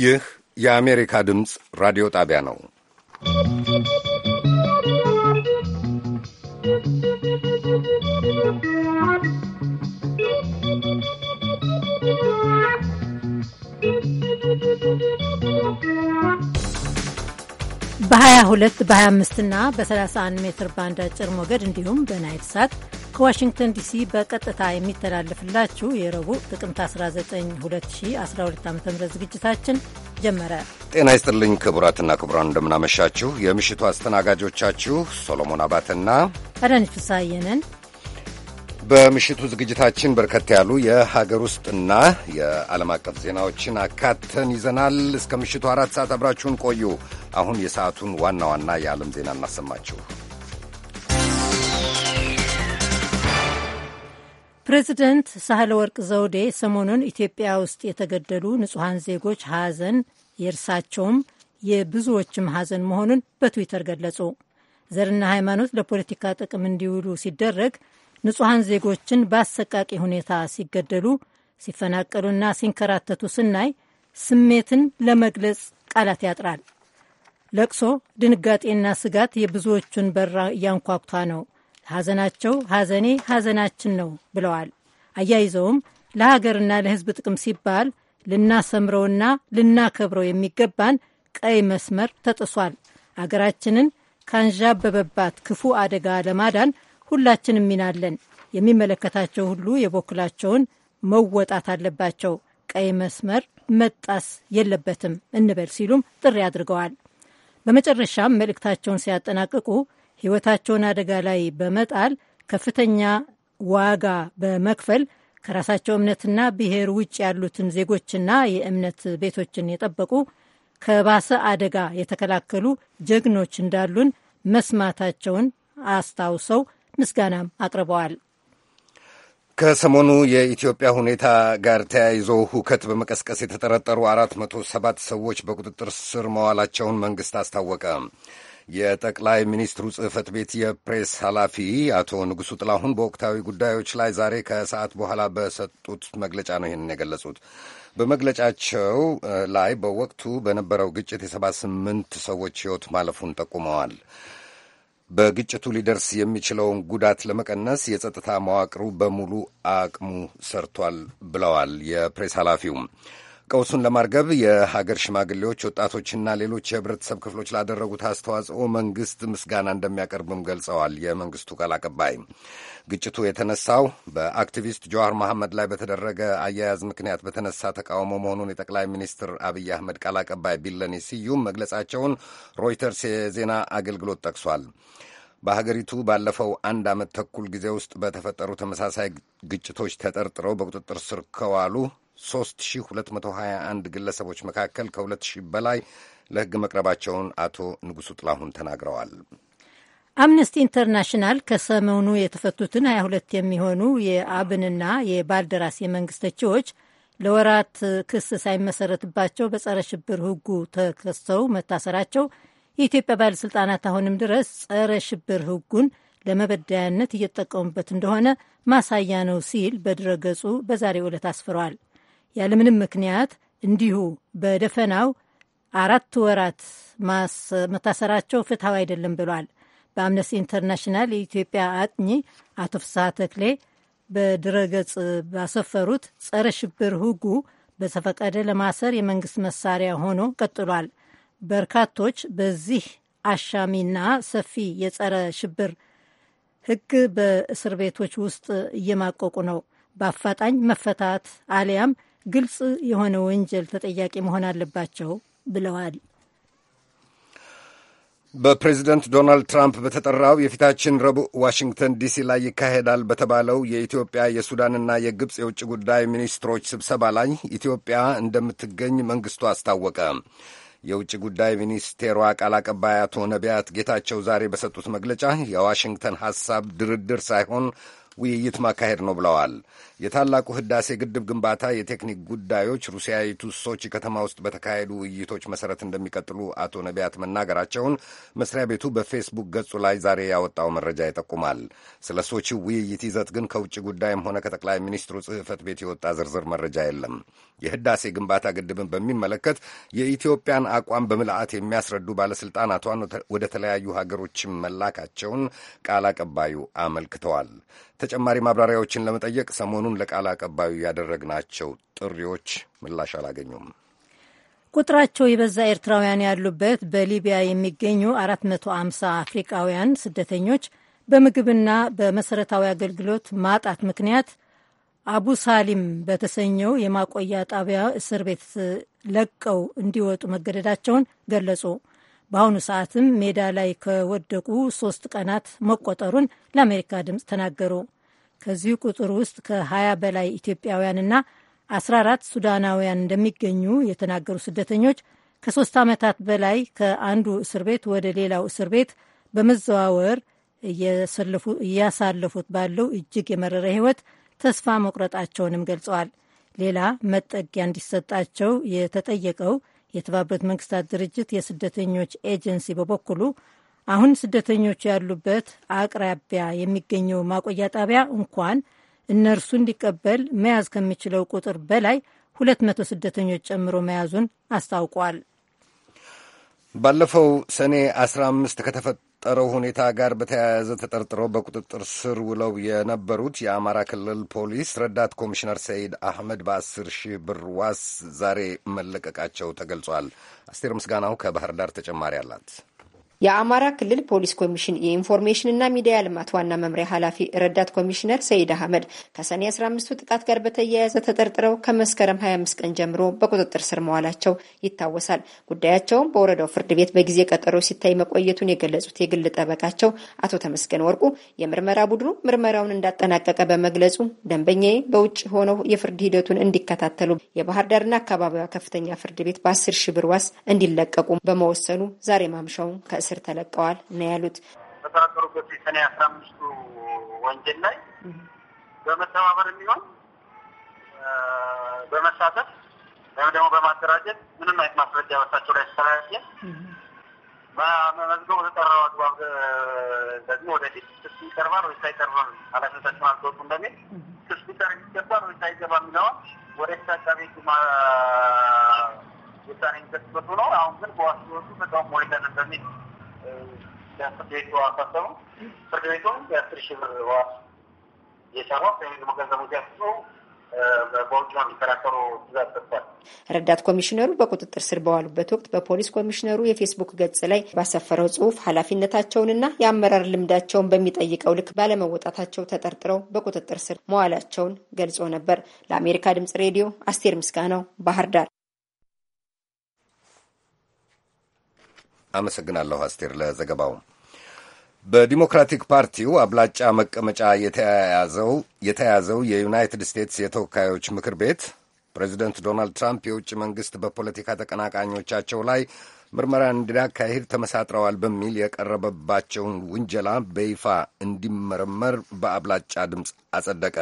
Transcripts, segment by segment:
ይህ የአሜሪካ ድምፅ ራዲዮ ጣቢያ ነው። በ22 በ25 እና በ31 ሜትር ባንድ አጭር ሞገድ እንዲሁም በናይት ሳት ከዋሽንግተን ዲሲ በቀጥታ የሚተላለፍላችሁ የረቡዕ ጥቅምት 19 2012 ዓ ም ዝግጅታችን ጀመረ። ጤና ይስጥልኝ ክቡራትና ክቡራን፣ እንደምናመሻችሁ። የምሽቱ አስተናጋጆቻችሁ ሶሎሞን አባተና አዳነች ፍስሐየንን። በምሽቱ ዝግጅታችን በርከት ያሉ የሀገር ውስጥና የዓለም አቀፍ ዜናዎችን አካተን ይዘናል። እስከ ምሽቱ አራት ሰዓት አብራችሁን ቆዩ። አሁን የሰዓቱን ዋና ዋና የዓለም ዜና እናሰማችሁ። ፕሬዚደንት ሳህለ ወርቅ ዘውዴ ሰሞኑን ኢትዮጵያ ውስጥ የተገደሉ ንጹሐን ዜጎች ሐዘን የእርሳቸውም የብዙዎችም ሐዘን መሆኑን በትዊተር ገለጹ። ዘርና ሃይማኖት ለፖለቲካ ጥቅም እንዲውሉ ሲደረግ ንጹሐን ዜጎችን በአሰቃቂ ሁኔታ ሲገደሉ፣ ሲፈናቀሉና ሲንከራተቱ ስናይ ስሜትን ለመግለጽ ቃላት ያጥራል። ለቅሶ፣ ድንጋጤና ስጋት የብዙዎቹን በራ እያንኳኩታ ነው። ሐዘናቸው ሐዘኔ ሐዘናችን ነው ብለዋል። አያይዘውም ለሀገርና ለሕዝብ ጥቅም ሲባል ልናሰምረውና ልናከብረው የሚገባን ቀይ መስመር ተጥሷል። አገራችንን ካንዣበበባት ክፉ አደጋ ለማዳን ሁላችንም ሚናለን። የሚመለከታቸው ሁሉ የበኩላቸውን መወጣት አለባቸው። ቀይ መስመር መጣስ የለበትም እንበል ሲሉም ጥሪ አድርገዋል። በመጨረሻም መልእክታቸውን ሲያጠናቅቁ ሕይወታቸውን አደጋ ላይ በመጣል ከፍተኛ ዋጋ በመክፈል ከራሳቸው እምነትና ብሔር ውጭ ያሉትን ዜጎችና የእምነት ቤቶችን የጠበቁ ከባሰ አደጋ የተከላከሉ ጀግኖች እንዳሉን መስማታቸውን አስታውሰው ምስጋናም አቅርበዋል። ከሰሞኑ የኢትዮጵያ ሁኔታ ጋር ተያይዞ ሁከት በመቀስቀስ የተጠረጠሩ አራት መቶ ሰባት ሰዎች በቁጥጥር ስር መዋላቸውን መንግሥት አስታወቀ። የጠቅላይ ሚኒስትሩ ጽህፈት ቤት የፕሬስ ኃላፊ አቶ ንጉሱ ጥላሁን በወቅታዊ ጉዳዮች ላይ ዛሬ ከሰዓት በኋላ በሰጡት መግለጫ ነው ይህንን የገለጹት። በመግለጫቸው ላይ በወቅቱ በነበረው ግጭት የሰባ ስምንት ሰዎች ሕይወት ማለፉን ጠቁመዋል። በግጭቱ ሊደርስ የሚችለውን ጉዳት ለመቀነስ የጸጥታ መዋቅሩ በሙሉ አቅሙ ሰርቷል ብለዋል የፕሬስ ኃላፊውም ቀውሱን ለማርገብ የሀገር ሽማግሌዎች፣ ወጣቶችና ሌሎች የህብረተሰብ ክፍሎች ላደረጉት አስተዋጽኦ መንግስት ምስጋና እንደሚያቀርብም ገልጸዋል። የመንግስቱ ቃል አቀባይ ግጭቱ የተነሳው በአክቲቪስት ጀዋር መሐመድ ላይ በተደረገ አያያዝ ምክንያት በተነሳ ተቃውሞ መሆኑን የጠቅላይ ሚኒስትር አብይ አህመድ ቃል አቀባይ ቢለኔ ስዩም መግለጻቸውን ሮይተርስ የዜና አገልግሎት ጠቅሷል። በሀገሪቱ ባለፈው አንድ ዓመት ተኩል ጊዜ ውስጥ በተፈጠሩ ተመሳሳይ ግጭቶች ተጠርጥረው በቁጥጥር ስር ከዋሉ 3221 ግለሰቦች መካከል ከ2000 በላይ ለሕግ መቅረባቸውን አቶ ንጉሱ ጥላሁን ተናግረዋል። አምነስቲ ኢንተርናሽናል ከሰሞኑ የተፈቱትን 22 የሚሆኑ የአብንና የባልደራስ የመንግስት ተቺዎች ለወራት ክስ ሳይመሰረትባቸው በጸረ ሽብር ሕጉ ተከሰው መታሰራቸው የኢትዮጵያ ባለሥልጣናት አሁንም ድረስ ጸረ ሽብር ሕጉን ለመበዳያነት እየተጠቀሙበት እንደሆነ ማሳያ ነው ሲል በድረገጹ በዛሬው ዕለት አስፍሯል። ያለምንም ምክንያት እንዲሁ በደፈናው አራት ወራት መታሰራቸው ፍትሐዊ አይደለም ብሏል። በአምነስቲ ኢንተርናሽናል የኢትዮጵያ አጥኚ አቶ ፍስሐ ተክሌ በድረገጽ ባሰፈሩት ጸረ ሽብር ህጉ በተፈቀደ ለማሰር የመንግስት መሳሪያ ሆኖ ቀጥሏል። በርካቶች በዚህ አሻሚና ሰፊ የጸረ ሽብር ህግ በእስር ቤቶች ውስጥ እየማቆቁ ነው። በአፋጣኝ መፈታት አሊያም ግልጽ የሆነ ወንጀል ተጠያቂ መሆን አለባቸው ብለዋል። በፕሬዚደንት ዶናልድ ትራምፕ በተጠራው የፊታችን ረቡዕ ዋሽንግተን ዲሲ ላይ ይካሄዳል በተባለው የኢትዮጵያ የሱዳንና የግብፅ የውጭ ጉዳይ ሚኒስትሮች ስብሰባ ላይ ኢትዮጵያ እንደምትገኝ መንግሥቱ አስታወቀ። የውጭ ጉዳይ ሚኒስቴሯ ቃል አቀባይ አቶ ነቢያት ጌታቸው ዛሬ በሰጡት መግለጫ የዋሽንግተን ሐሳብ ድርድር ሳይሆን ውይይት ማካሄድ ነው ብለዋል። የታላቁ ህዳሴ ግድብ ግንባታ የቴክኒክ ጉዳዮች ሩሲያዊቱ ሶቺ ከተማ ውስጥ በተካሄዱ ውይይቶች መሰረት እንደሚቀጥሉ አቶ ነቢያት መናገራቸውን መስሪያ ቤቱ በፌስቡክ ገጹ ላይ ዛሬ ያወጣው መረጃ ይጠቁማል። ስለ ሶቺ ውይይት ይዘት ግን ከውጭ ጉዳይም ሆነ ከጠቅላይ ሚኒስትሩ ጽህፈት ቤት የወጣ ዝርዝር መረጃ የለም። የህዳሴ ግንባታ ግድብን በሚመለከት የኢትዮጵያን አቋም በምልአት የሚያስረዱ ባለሥልጣናቷን ወደ ተለያዩ ሀገሮች መላካቸውን ቃል አቀባዩ አመልክተዋል። ተጨማሪ ማብራሪያዎችን ለመጠየቅ ሰሞኑን ሰሞኑን ለቃል አቀባዩ ያደረግናቸው ጥሪዎች ምላሽ አላገኙም። ቁጥራቸው የበዛ ኤርትራውያን ያሉበት በሊቢያ የሚገኙ 450 አፍሪቃውያን ስደተኞች በምግብና በመሰረታዊ አገልግሎት ማጣት ምክንያት አቡ ሳሊም በተሰኘው የማቆያ ጣቢያ እስር ቤት ለቀው እንዲወጡ መገደዳቸውን ገለጹ። በአሁኑ ሰዓትም ሜዳ ላይ ከወደቁ ሶስት ቀናት መቆጠሩን ለአሜሪካ ድምፅ ተናገሩ። ከዚሁ ቁጥር ውስጥ ከ20 በላይ ኢትዮጵያውያንና 14 ሱዳናውያን እንደሚገኙ የተናገሩ ስደተኞች ከሶስት ዓመታት በላይ ከአንዱ እስር ቤት ወደ ሌላው እስር ቤት በመዘዋወር እያሳለፉት ባለው እጅግ የመረረ ሕይወት ተስፋ መቁረጣቸውንም ገልጸዋል። ሌላ መጠጊያ እንዲሰጣቸው የተጠየቀው የተባበሩት መንግስታት ድርጅት የስደተኞች ኤጀንሲ በበኩሉ አሁን ስደተኞች ያሉበት አቅራቢያ የሚገኘው ማቆያ ጣቢያ እንኳን እነርሱ እንዲቀበል መያዝ ከሚችለው ቁጥር በላይ ሁለት መቶ ስደተኞች ጨምሮ መያዙን አስታውቋል። ባለፈው ሰኔ 15 ከተፈጠረው ሁኔታ ጋር በተያያዘ ተጠርጥረው በቁጥጥር ስር ውለው የነበሩት የአማራ ክልል ፖሊስ ረዳት ኮሚሽነር ሰይድ አህመድ በአስር ሺህ ብር ዋስ ዛሬ መለቀቃቸው ተገልጿል። አስቴር ምስጋናው ከባህር ዳር ተጨማሪ አላት። የአማራ ክልል ፖሊስ ኮሚሽን የኢንፎርሜሽንና ሚዲያ ልማት ዋና መምሪያ ኃላፊ ረዳት ኮሚሽነር ሰይድ አህመድ ከሰኔ 15ቱ ጥቃት ጋር በተያያዘ ተጠርጥረው ከመስከረም 25 ቀን ጀምሮ በቁጥጥር ስር መዋላቸው ይታወሳል። ጉዳያቸውም በወረዳው ፍርድ ቤት በጊዜ ቀጠሮ ሲታይ መቆየቱን የገለጹት የግል ጠበቃቸው አቶ ተመስገን ወርቁ የምርመራ ቡድኑ ምርመራውን እንዳጠናቀቀ በመግለጹ ደንበኛዬ በውጭ ሆነው የፍርድ ሂደቱን እንዲከታተሉ የባህር ዳርና አካባቢዋ ከፍተኛ ፍርድ ቤት በ10 ሺህ ብር ዋስ እንዲለቀቁ በመወሰኑ ዛሬ ማምሻውን ከእስ ከእስር ተለቀዋል ነው ያሉት። በተራከሩበት የሰኔ አስራ አምስቱ ወንጀል ላይ በመተባበር የሚሆን በመሳተፍ ወይም ደግሞ በማደራጀት ምንም አይነት ማስረጃ በሳቸው ላይ ተሰራየ በመዝገቡ ተጠራው አግባብ ደግሞ ወደፊት ክስ ይቀርባል ወይ ሳይቀርባል ኃላፊነታቸውን አልተወጡ እንደሚል ክስ ሊቀርብ ይገባል ወይ ሳይገባ የሚለውን ወደ አቃቤ ውሳኔ የሚሰጥበት ሆኖ አሁን ግን በዋስ ሲወጡ ተቃውሞ ወይለን እንደሚል ለፍርድ ቤቱ አሳሰሙ። ፍርድ ቤቱም የአስር ሺህ ብር ዋስ የሰራው ገንዘቡ ሲያስጡ ረዳት ኮሚሽነሩ በቁጥጥር ስር በዋሉበት ወቅት በፖሊስ ኮሚሽነሩ የፌስቡክ ገጽ ላይ ባሰፈረው ጽሁፍ ኃላፊነታቸውንና የአመራር ልምዳቸውን በሚጠይቀው ልክ ባለመወጣታቸው ተጠርጥረው በቁጥጥር ስር መዋላቸውን ገልጾ ነበር። ለአሜሪካ ድምጽ ሬዲዮ አስቴር ምስጋናው ባህር ዳር አመሰግናለሁ አስቴር ለዘገባው። በዲሞክራቲክ ፓርቲው አብላጫ መቀመጫ የተያዘው የዩናይትድ ስቴትስ የተወካዮች ምክር ቤት ፕሬዚደንት ዶናልድ ትራምፕ የውጭ መንግሥት በፖለቲካ ተቀናቃኞቻቸው ላይ ምርመራ እንዲያካሂድ ተመሳጥረዋል በሚል የቀረበባቸውን ውንጀላ በይፋ እንዲመረመር በአብላጫ ድምፅ አጸደቀ።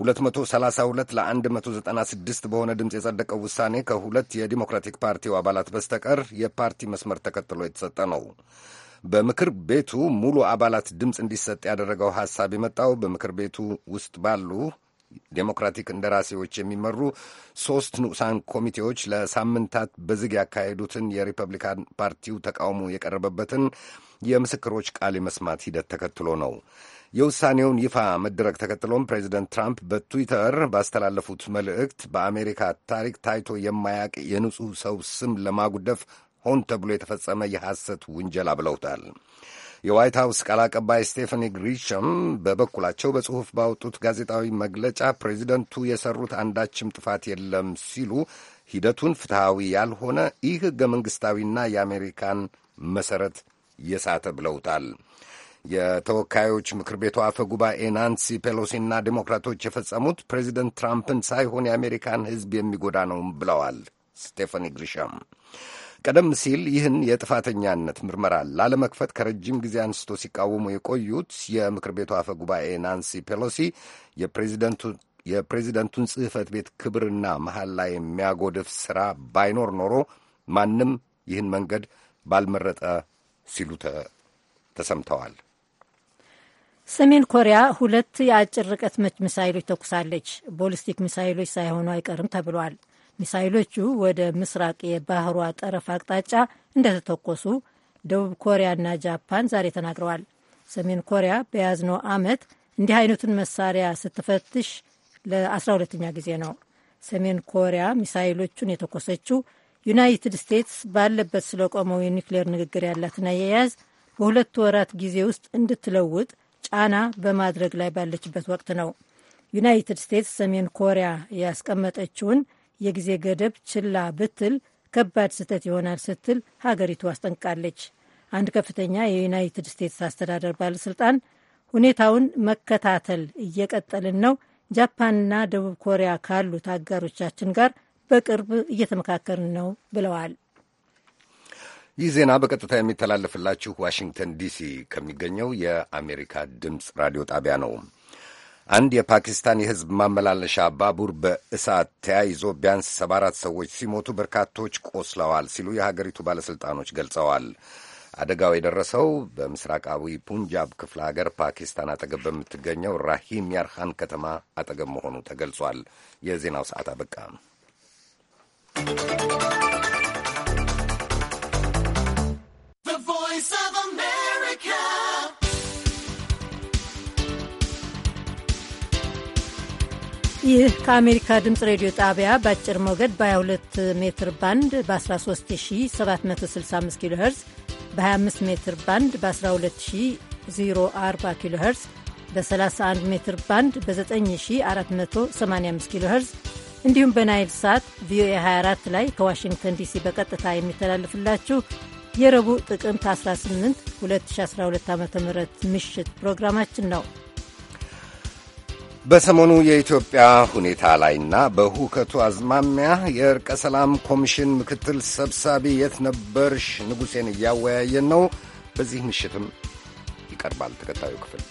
232 ለ196 በሆነ ድምፅ የጸደቀው ውሳኔ ከሁለት የዲሞክራቲክ ፓርቲው አባላት በስተቀር የፓርቲ መስመር ተከትሎ የተሰጠ ነው። በምክር ቤቱ ሙሉ አባላት ድምፅ እንዲሰጥ ያደረገው ሐሳብ የመጣው በምክር ቤቱ ውስጥ ባሉ ዴሞክራቲክ እንደራሴዎች የሚመሩ ሶስት ንዑሳን ኮሚቴዎች ለሳምንታት በዝግ ያካሄዱትን የሪፐብሊካን ፓርቲው ተቃውሞ የቀረበበትን የምስክሮች ቃል የመስማት ሂደት ተከትሎ ነው። የውሳኔውን ይፋ መደረግ ተከትሎም ፕሬዚደንት ትራምፕ በትዊተር ባስተላለፉት መልእክት በአሜሪካ ታሪክ ታይቶ የማያቅ የንጹሕ ሰው ስም ለማጉደፍ ሆን ተብሎ የተፈጸመ የሐሰት ውንጀላ ብለውታል። የዋይት ሀውስ ቃል አቀባይ ስቴፈኒ ግሪሸም በበኩላቸው በጽሑፍ ባወጡት ጋዜጣዊ መግለጫ ፕሬዚደንቱ የሰሩት አንዳችም ጥፋት የለም ሲሉ ሂደቱን ፍትሐዊ ያልሆነ ይህ ሕገ መንግሥታዊና የአሜሪካን መሠረት የሳተ ብለውታል። የተወካዮች ምክር ቤቱ አፈ ጉባኤ ናንሲ ፔሎሲና ዴሞክራቶች የፈጸሙት ፕሬዚደንት ትራምፕን ሳይሆን የአሜሪካን ሕዝብ የሚጎዳ ነው ብለዋል ስቴፈኒ ግሪሻም። ቀደም ሲል ይህን የጥፋተኛነት ምርመራ ላለመክፈት ከረጅም ጊዜ አንስቶ ሲቃወሙ የቆዩት የምክር ቤቱ አፈ ጉባኤ ናንሲ ፔሎሲ የፕሬዚደንቱን ጽህፈት ቤት ክብርና ላይ የሚያጎድፍ ሥራ ባይኖር ኖሮ ማንም ይህን መንገድ ባልመረጠ ሲሉ ተሰምተዋል። ሰሜን ኮሪያ ሁለት የአጭር ርቀት መች ሚሳይሎች ተኩሳለች። ቦሊስቲክ ሚሳይሎች ሳይሆኑ አይቀርም ተብሏል። ሚሳይሎቹ ወደ ምስራቅ የባህሯ ጠረፍ አቅጣጫ እንደተተኮሱ ደቡብ ኮሪያና ጃፓን ዛሬ ተናግረዋል። ሰሜን ኮሪያ በያዝነው ዓመት እንዲህ አይነቱን መሳሪያ ስትፈትሽ ለ12ኛ ጊዜ ነው። ሰሜን ኮሪያ ሚሳይሎቹን የተኮሰችው ዩናይትድ ስቴትስ ባለበት ስለቆመው የኒውክሌር ንግግር ያላትን አያያዝ በሁለት ወራት ጊዜ ውስጥ እንድትለውጥ ጫና በማድረግ ላይ ባለችበት ወቅት ነው። ዩናይትድ ስቴትስ ሰሜን ኮሪያ ያስቀመጠችውን የጊዜ ገደብ ችላ ብትል ከባድ ስህተት ይሆናል ስትል ሀገሪቱ አስጠንቃለች። አንድ ከፍተኛ የዩናይትድ ስቴትስ አስተዳደር ባለስልጣን ሁኔታውን መከታተል እየቀጠልን ነው፣ ጃፓንና ደቡብ ኮሪያ ካሉት አጋሮቻችን ጋር በቅርብ እየተመካከርን ነው ብለዋል። ይህ ዜና በቀጥታ የሚተላለፍላችሁ ዋሽንግተን ዲሲ ከሚገኘው የአሜሪካ ድምፅ ራዲዮ ጣቢያ ነው። አንድ የፓኪስታን የሕዝብ ማመላለሻ ባቡር በእሳት ተያይዞ ቢያንስ ሰባ አራት ሰዎች ሲሞቱ በርካቶች ቆስለዋል ሲሉ የሀገሪቱ ባለሥልጣኖች ገልጸዋል። አደጋው የደረሰው በምስራቃዊ ፑንጃብ ክፍለ ሀገር ፓኪስታን አጠገብ በምትገኘው ራሂም ያርሃን ከተማ አጠገብ መሆኑ ተገልጿል። የዜናው ሰዓት አበቃ። ይህ ከአሜሪካ ድምፅ ሬዲዮ ጣቢያ በአጭር ሞገድ በ22 ሜትር ባንድ በ13765 ኪሎ ሄርዝ በ25 ሜትር ባንድ በ12040 ኪሎ ሄርዝ በ31 ሜትር ባንድ በ9485 ኪሎ ሄርዝ እንዲሁም በናይል ሳት ቪኦኤ 24 ላይ ከዋሽንግተን ዲሲ በቀጥታ የሚተላልፍላችሁ የረቡዕ ጥቅምት 18 2012 ዓ ም ምሽት ፕሮግራማችን ነው። በሰሞኑ የኢትዮጵያ ሁኔታ ላይና በሁከቱ አዝማሚያ የእርቀ ሰላም ኮሚሽን ምክትል ሰብሳቢ የት ነበርሽ ንጉሴን እያወያየን ነው። በዚህ ምሽትም ይቀርባል ተከታዩ ክፍል።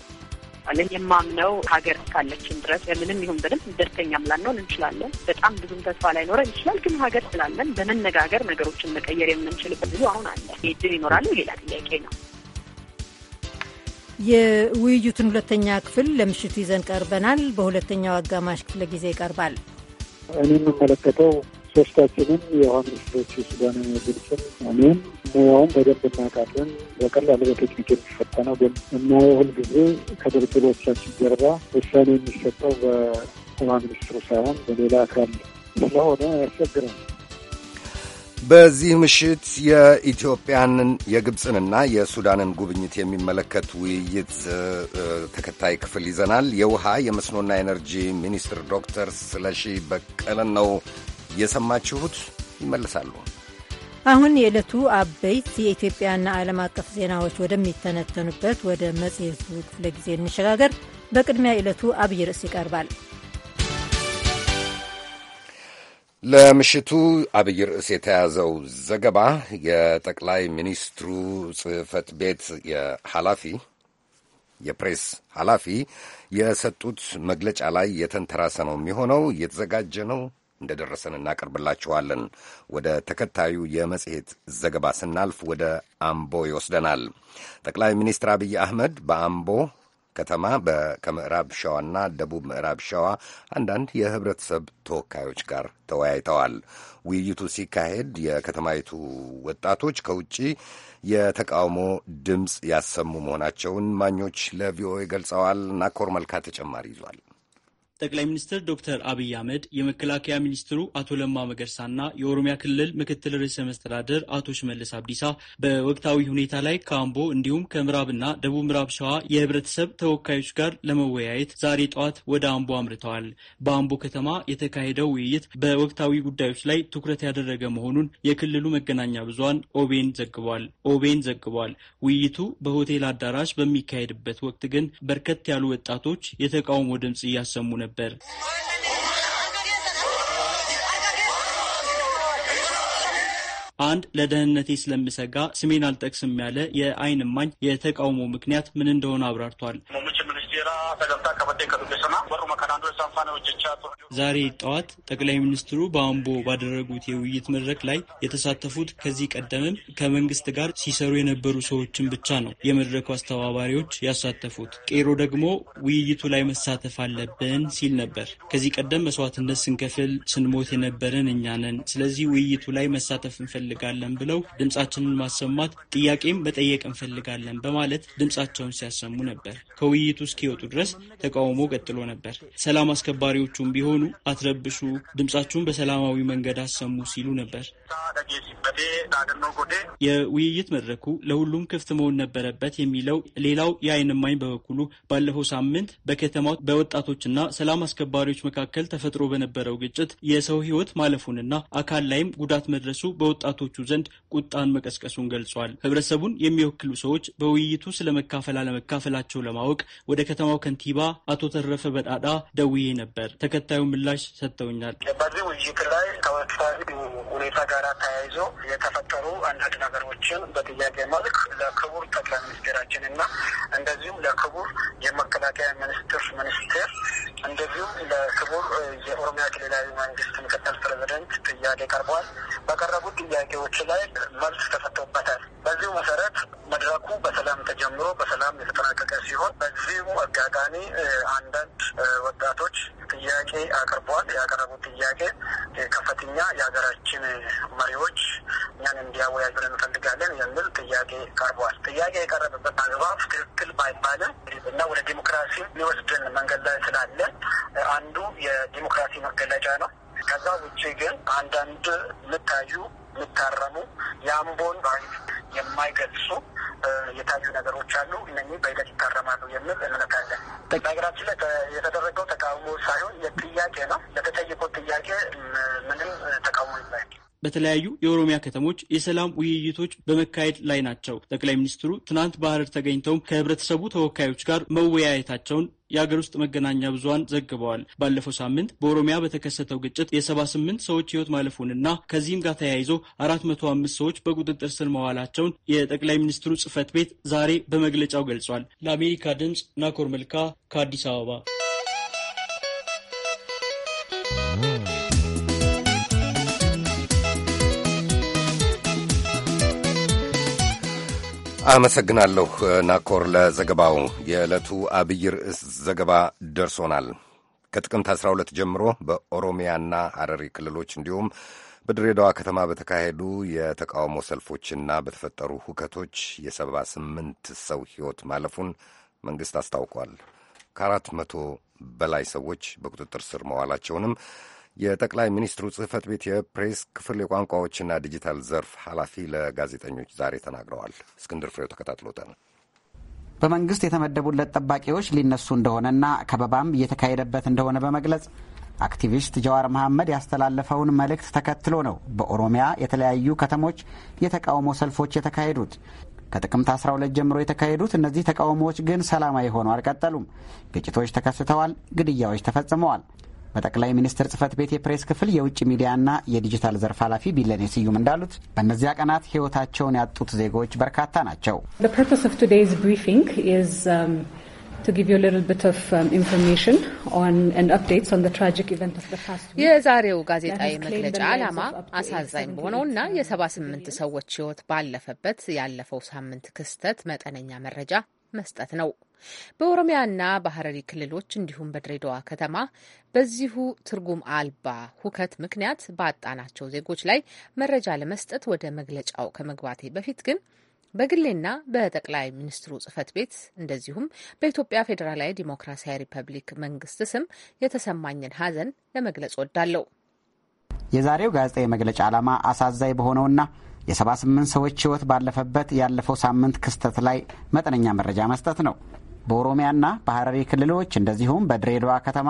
እኔ የማምነው ሀገር እስካለችን ድረስ በምንም ይሁን በደንብ ደስተኛም ላንሆን እንችላለን። በጣም ብዙም ተስፋ ላይኖረን ይችላል። ግን ሀገር ስላለን በመነጋገር ነገሮችን መቀየር የምንችልበት ብዙ አሁን አለ። እድል ይኖራሉ ሌላ ጥያቄ ነው። የውይይቱን ሁለተኛ ክፍል ለምሽቱ ይዘን ቀርበናል። በሁለተኛው አጋማሽ ክፍለ ጊዜ ይቀርባል። እኔ የምመለከተው ሶስታችንም የውሃ ሚኒስትሮች የሱዳን ግብፅም፣ እኔም ሙያውን በደንብ እናውቃለን። በቀላሉ በቴክኒክ የሚፈታ ነው። ግን እናየው ሁልጊዜ ከድርድሮቻችን ጀርባ ውሳኔ የሚሰጠው በውሃ ሚኒስትሩ ሳይሆን በሌላ አካል ስለሆነ ያስቸግራል። በዚህ ምሽት የኢትዮጵያን የግብፅንና የሱዳንን ጉብኝት የሚመለከት ውይይት ተከታይ ክፍል ይዘናል። የውሃ የመስኖና ኤነርጂ ሚኒስትር ዶክተር ስለሺ በቀለን ነው የሰማችሁት። ይመልሳሉ። አሁን የዕለቱ አበይት የኢትዮጵያና ዓለም አቀፍ ዜናዎች ወደሚተነተኑበት ወደ መጽሔቱ ክፍለ ጊዜ እንሸጋገር። በቅድሚያ የዕለቱ አብይ ርዕስ ይቀርባል። ለምሽቱ አብይ ርዕስ የተያዘው ዘገባ የጠቅላይ ሚኒስትሩ ጽህፈት ቤት የኃላፊ የፕሬስ ኃላፊ የሰጡት መግለጫ ላይ የተንተራሰ ነው የሚሆነው። እየተዘጋጀ ነው፣ እንደደረሰን እናቀርብላችኋለን። ወደ ተከታዩ የመጽሔት ዘገባ ስናልፍ ወደ አምቦ ይወስደናል። ጠቅላይ ሚኒስትር አብይ አህመድ በአምቦ ከተማ ከምዕራብ ሸዋና ደቡብ ምዕራብ ሸዋ አንዳንድ የህብረተሰብ ተወካዮች ጋር ተወያይተዋል። ውይይቱ ሲካሄድ የከተማይቱ ወጣቶች ከውጭ የተቃውሞ ድምፅ ያሰሙ መሆናቸውን ማኞች ለቪኦኤ ገልጸዋል። ናኮር መልካ ተጨማሪ ይዟል። ጠቅላይ ሚኒስትር ዶክተር አብይ አህመድ የመከላከያ ሚኒስትሩ አቶ ለማ መገርሳና የኦሮሚያ ክልል ምክትል ርዕሰ መስተዳደር አቶ ሽመልስ አብዲሳ በወቅታዊ ሁኔታ ላይ ከአምቦ እንዲሁም ከምዕራብና ደቡብ ምዕራብ ሸዋ የህብረተሰብ ተወካዮች ጋር ለመወያየት ዛሬ ጠዋት ወደ አምቦ አምርተዋል። በአምቦ ከተማ የተካሄደው ውይይት በወቅታዊ ጉዳዮች ላይ ትኩረት ያደረገ መሆኑን የክልሉ መገናኛ ብዙሃን ኦቤን ዘግቧል ኦቤን ዘግቧል። ውይይቱ በሆቴል አዳራሽ በሚካሄድበት ወቅት ግን በርከት ያሉ ወጣቶች የተቃውሞ ድምፅ እያሰሙ ነው ነበር። አንድ ለደህንነቴ ስለምሰጋ ስሜን አልጠቅስም ያለ የአይን እማኝ የተቃውሞ ምክንያት ምን እንደሆነ አብራርቷል። ዛሬ ጠዋት ጠቅላይ ሚኒስትሩ በአምቦ ባደረጉት የውይይት መድረክ ላይ የተሳተፉት ከዚህ ቀደምም ከመንግስት ጋር ሲሰሩ የነበሩ ሰዎችን ብቻ ነው የመድረኩ አስተባባሪዎች ያሳተፉት። ቄሮ ደግሞ ውይይቱ ላይ መሳተፍ አለብን ሲል ነበር። ከዚህ ቀደም መስዋዕትነት ስንከፍል ስንሞት የነበረን እኛ ነን። ስለዚህ ውይይቱ ላይ መሳተፍ እንፈልጋለን ብለው ድምፃችንን ማሰማት ጥያቄም መጠየቅ እንፈልጋለን በማለት ድምፃቸውን ሲያሰሙ ነበር ከውይይቱ እስኪወጡ ድረስ ተቃውሞ ቀጥሎ ነበር። ሰላም አስከባሪዎቹም ቢሆኑ አትረብሹ፣ ድምፃችሁን በሰላማዊ መንገድ አሰሙ ሲሉ ነበር። የውይይት መድረኩ ለሁሉም ክፍት መሆን ነበረበት የሚለው ሌላው የአይንማኝ በበኩሉ ባለፈው ሳምንት በከተማው በወጣቶችና ሰላም አስከባሪዎች መካከል ተፈጥሮ በነበረው ግጭት የሰው ሕይወት ማለፉንና አካል ላይም ጉዳት መድረሱ በወጣቶቹ ዘንድ ቁጣን መቀስቀሱን ገልጿል። ህብረተሰቡን የሚወክሉ ሰዎች በውይይቱ ስለመካፈል አለመካፈላቸው ለማወቅ ወደ ከተማው ከንቲባ አቶ ተረፈ በጣዳ ደውዬ ነበር። ተከታዩ ምላሽ ሰጥተውኛል። በዚህ ውይይት ላይ ከወቅታዊ ሁኔታ ጋር ተያይዞ የተፈጠሩ አንዳንድ ነገሮችን በጥያቄ መልክ ለክቡር ጠቅላይ ሚኒስቴራችን እና እንደዚሁም ለክቡር የመከላከያ ሚኒስትር ሚኒስቴር እንደዚሁም ለክቡር የኦሮሚያ ክልላዊ መንግስት ምክትል ፕሬዚደንት ጥያቄ ቀርቧል። በቀረቡት ጥያቄዎች ላይ መልስ ተሰጥቶበታል። በዚሁ መሰረት መድረኩ በሰላም ተጀምሮ በሰላም የተጠናቀቀ ሲሆን በዚሁ አጋጣሚ አጋጣሚ አንዳንድ ወጣቶች ጥያቄ አቅርበዋል። ያቀረቡት ጥያቄ ከፍተኛ የሀገራችን መሪዎች እኛን እንዲያወያዩ እንፈልጋለን የሚል ጥያቄ ቀርበዋል። ጥያቄ የቀረበበት አግባብ ትክክል ባይባልም እና ወደ ዲሞክራሲ የሚወስድን መንገድ ላይ ስላለ አንዱ የዲሞክራሲ መገለጫ ነው። ከዛ ውጭ ግን አንዳንድ የምታዩ የሚታረሙ የአምቦን ባህል የማይገልጹ የታዩ ነገሮች አሉ። እነኚህ በሂደት ይታረማሉ የሚል እምነት አለን። በሀገራችን ላይ የተደረገው ተቃውሞ ሳይሆን የጥያቄ ነው። ለተጠየቀው ጥያቄ ምንም ተቃውሞ ይባል በተለያዩ የኦሮሚያ ከተሞች የሰላም ውይይቶች በመካሄድ ላይ ናቸው። ጠቅላይ ሚኒስትሩ ትናንት ባህር ተገኝተውም ከህብረተሰቡ ተወካዮች ጋር መወያየታቸውን የአገር ውስጥ መገናኛ ብዙሃን ዘግበዋል። ባለፈው ሳምንት በኦሮሚያ በተከሰተው ግጭት የሰባ ስምንት ሰዎች ህይወት ማለፉንና ከዚህም ጋር ተያይዞ አራት መቶ አምስት ሰዎች በቁጥጥር ስር መዋላቸውን የጠቅላይ ሚኒስትሩ ጽህፈት ቤት ዛሬ በመግለጫው ገልጿል። ለአሜሪካ ድምፅ ናኮር መልካ ከአዲስ አበባ አመሰግናለሁ ናኮር ለዘገባው። የዕለቱ አብይ ርዕስ ዘገባ ደርሶናል። ከጥቅምት 12 ጀምሮ በኦሮሚያና ሐረሪ ክልሎች እንዲሁም በድሬዳዋ ከተማ በተካሄዱ የተቃውሞ ሰልፎችና በተፈጠሩ ሁከቶች የሰባ ስምንት ሰው ሕይወት ማለፉን መንግሥት አስታውቋል። ከአራት መቶ በላይ ሰዎች በቁጥጥር ስር መዋላቸውንም የጠቅላይ ሚኒስትሩ ጽህፈት ቤት የፕሬስ ክፍል የቋንቋዎችና ዲጂታል ዘርፍ ኃላፊ ለጋዜጠኞች ዛሬ ተናግረዋል። እስክንድር ፍሬው ተከታትሎታል። በመንግስት የተመደቡለት ጠባቂዎች ሊነሱ እንደሆነና ከበባም እየተካሄደበት እንደሆነ በመግለጽ አክቲቪስት ጀዋር መሐመድ ያስተላለፈውን መልእክት ተከትሎ ነው በኦሮሚያ የተለያዩ ከተሞች የተቃውሞ ሰልፎች የተካሄዱት። ከጥቅምት 12 ጀምሮ የተካሄዱት እነዚህ ተቃውሞዎች ግን ሰላማዊ ሆነው አልቀጠሉም። ግጭቶች ተከስተዋል፣ ግድያዎች ተፈጽመዋል። በጠቅላይ ሚኒስትር ጽህፈት ቤት የፕሬስ ክፍል የውጭ ሚዲያና የዲጂታል ዘርፍ ኃላፊ ቢለኔ ስዩም እንዳሉት በእነዚያ ቀናት ህይወታቸውን ያጡት ዜጎች በርካታ ናቸው። um, um, የዛሬው ጋዜጣዊ መግለጫ ዓላማ አሳዛኝ በሆነውና um, የሰባ ስምንት ሰዎች ህይወት ባለፈበት ያለፈው ሳምንት ክስተት መጠነኛ መረጃ መስጠት ነው። በኦሮሚያና በሐረሪ ክልሎች እንዲሁም በድሬዳዋ ከተማ በዚሁ ትርጉም አልባ ሁከት ምክንያት ባጣናቸው ዜጎች ላይ መረጃ ለመስጠት ወደ መግለጫው ከመግባቴ በፊት ግን በግሌና በጠቅላይ ሚኒስትሩ ጽህፈት ቤት እንደዚሁም በኢትዮጵያ ፌዴራላዊ ዲሞክራሲያዊ ሪፐብሊክ መንግስት ስም የተሰማኝን ሀዘን ለመግለጽ ወዳለሁ። የዛሬው ጋዜጣዊ መግለጫ ዓላማ አሳዛኝ በሆነውና የ78 ሰዎች ህይወት ባለፈበት ያለፈው ሳምንት ክስተት ላይ መጠነኛ መረጃ መስጠት ነው። በኦሮሚያና በሐረሪ ክልሎች እንደዚሁም በድሬዳዋ ከተማ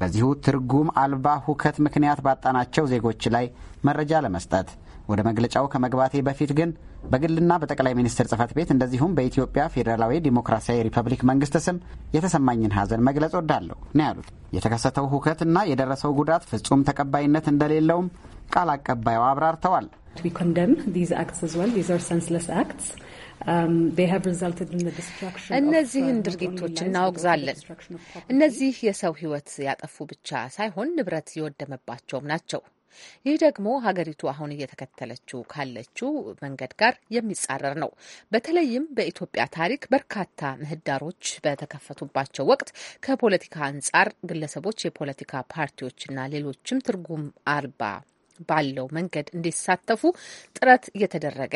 በዚሁ ትርጉም አልባ ሁከት ምክንያት ባጣናቸው ዜጎች ላይ መረጃ ለመስጠት ወደ መግለጫው ከመግባቴ በፊት ግን በግልና በጠቅላይ ሚኒስትር ጽህፈት ቤት እንደዚሁም በኢትዮጵያ ፌዴራላዊ ዲሞክራሲያዊ ሪፐብሊክ መንግስት ስም የተሰማኝን ሐዘን መግለጽ ወዳለሁ ነው ያሉት። የተከሰተው ሁከትና የደረሰው ጉዳት ፍጹም ተቀባይነት እንደሌለውም ቃል አቀባዩ አብራርተዋል። Um, እነዚህን uh, ድርጊቶች እናወግዛለን። እነዚህ የሰው ሕይወት ያጠፉ ብቻ ሳይሆን ንብረት የወደመባቸውም ናቸው። ይህ ደግሞ ሀገሪቱ አሁን እየተከተለችው ካለችው መንገድ ጋር የሚጻረር ነው። በተለይም በኢትዮጵያ ታሪክ በርካታ ምህዳሮች በተከፈቱባቸው ወቅት ከፖለቲካ አንጻር ግለሰቦች፣ የፖለቲካ ፓርቲዎችና ሌሎችም ትርጉም አልባ ባለው መንገድ እንዲሳተፉ ጥረት እየተደረገ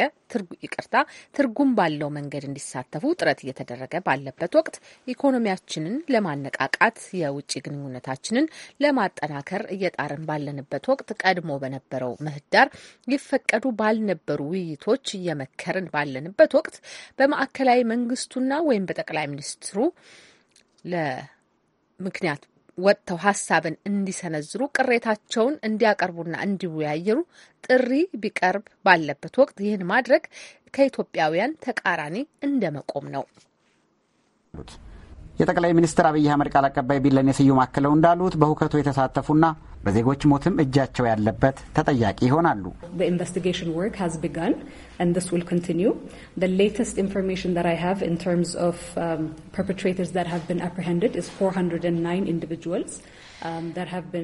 ይቅርታ፣ ትርጉም ባለው መንገድ እንዲሳተፉ ጥረት እየተደረገ ባለበት ወቅት ኢኮኖሚያችንን ለማነቃቃት የውጭ ግንኙነታችንን ለማጠናከር እየጣርን ባለንበት ወቅት ቀድሞ በነበረው ምህዳር ይፈቀዱ ባልነበሩ ውይይቶች እየመከርን ባለንበት ወቅት በማዕከላዊ መንግስቱና ወይም በጠቅላይ ሚኒስትሩ ለምክንያት ወጥተው ሀሳብን እንዲሰነዝሩ ቅሬታቸውን እንዲያቀርቡና እንዲወያየሩ ጥሪ ቢቀርብ ባለበት ወቅት ይህን ማድረግ ከኢትዮጵያውያን ተቃራኒ እንደመቆም ነው። የጠቅላይ ሚኒስትር አብይ አህመድ ቃል አቀባይ ቢለኔ ስዩም አክለው እንዳሉት በሁከቱ የተሳተፉና በዜጎች ሞትም እጃቸው ያለበት ተጠያቂ ይሆናሉ።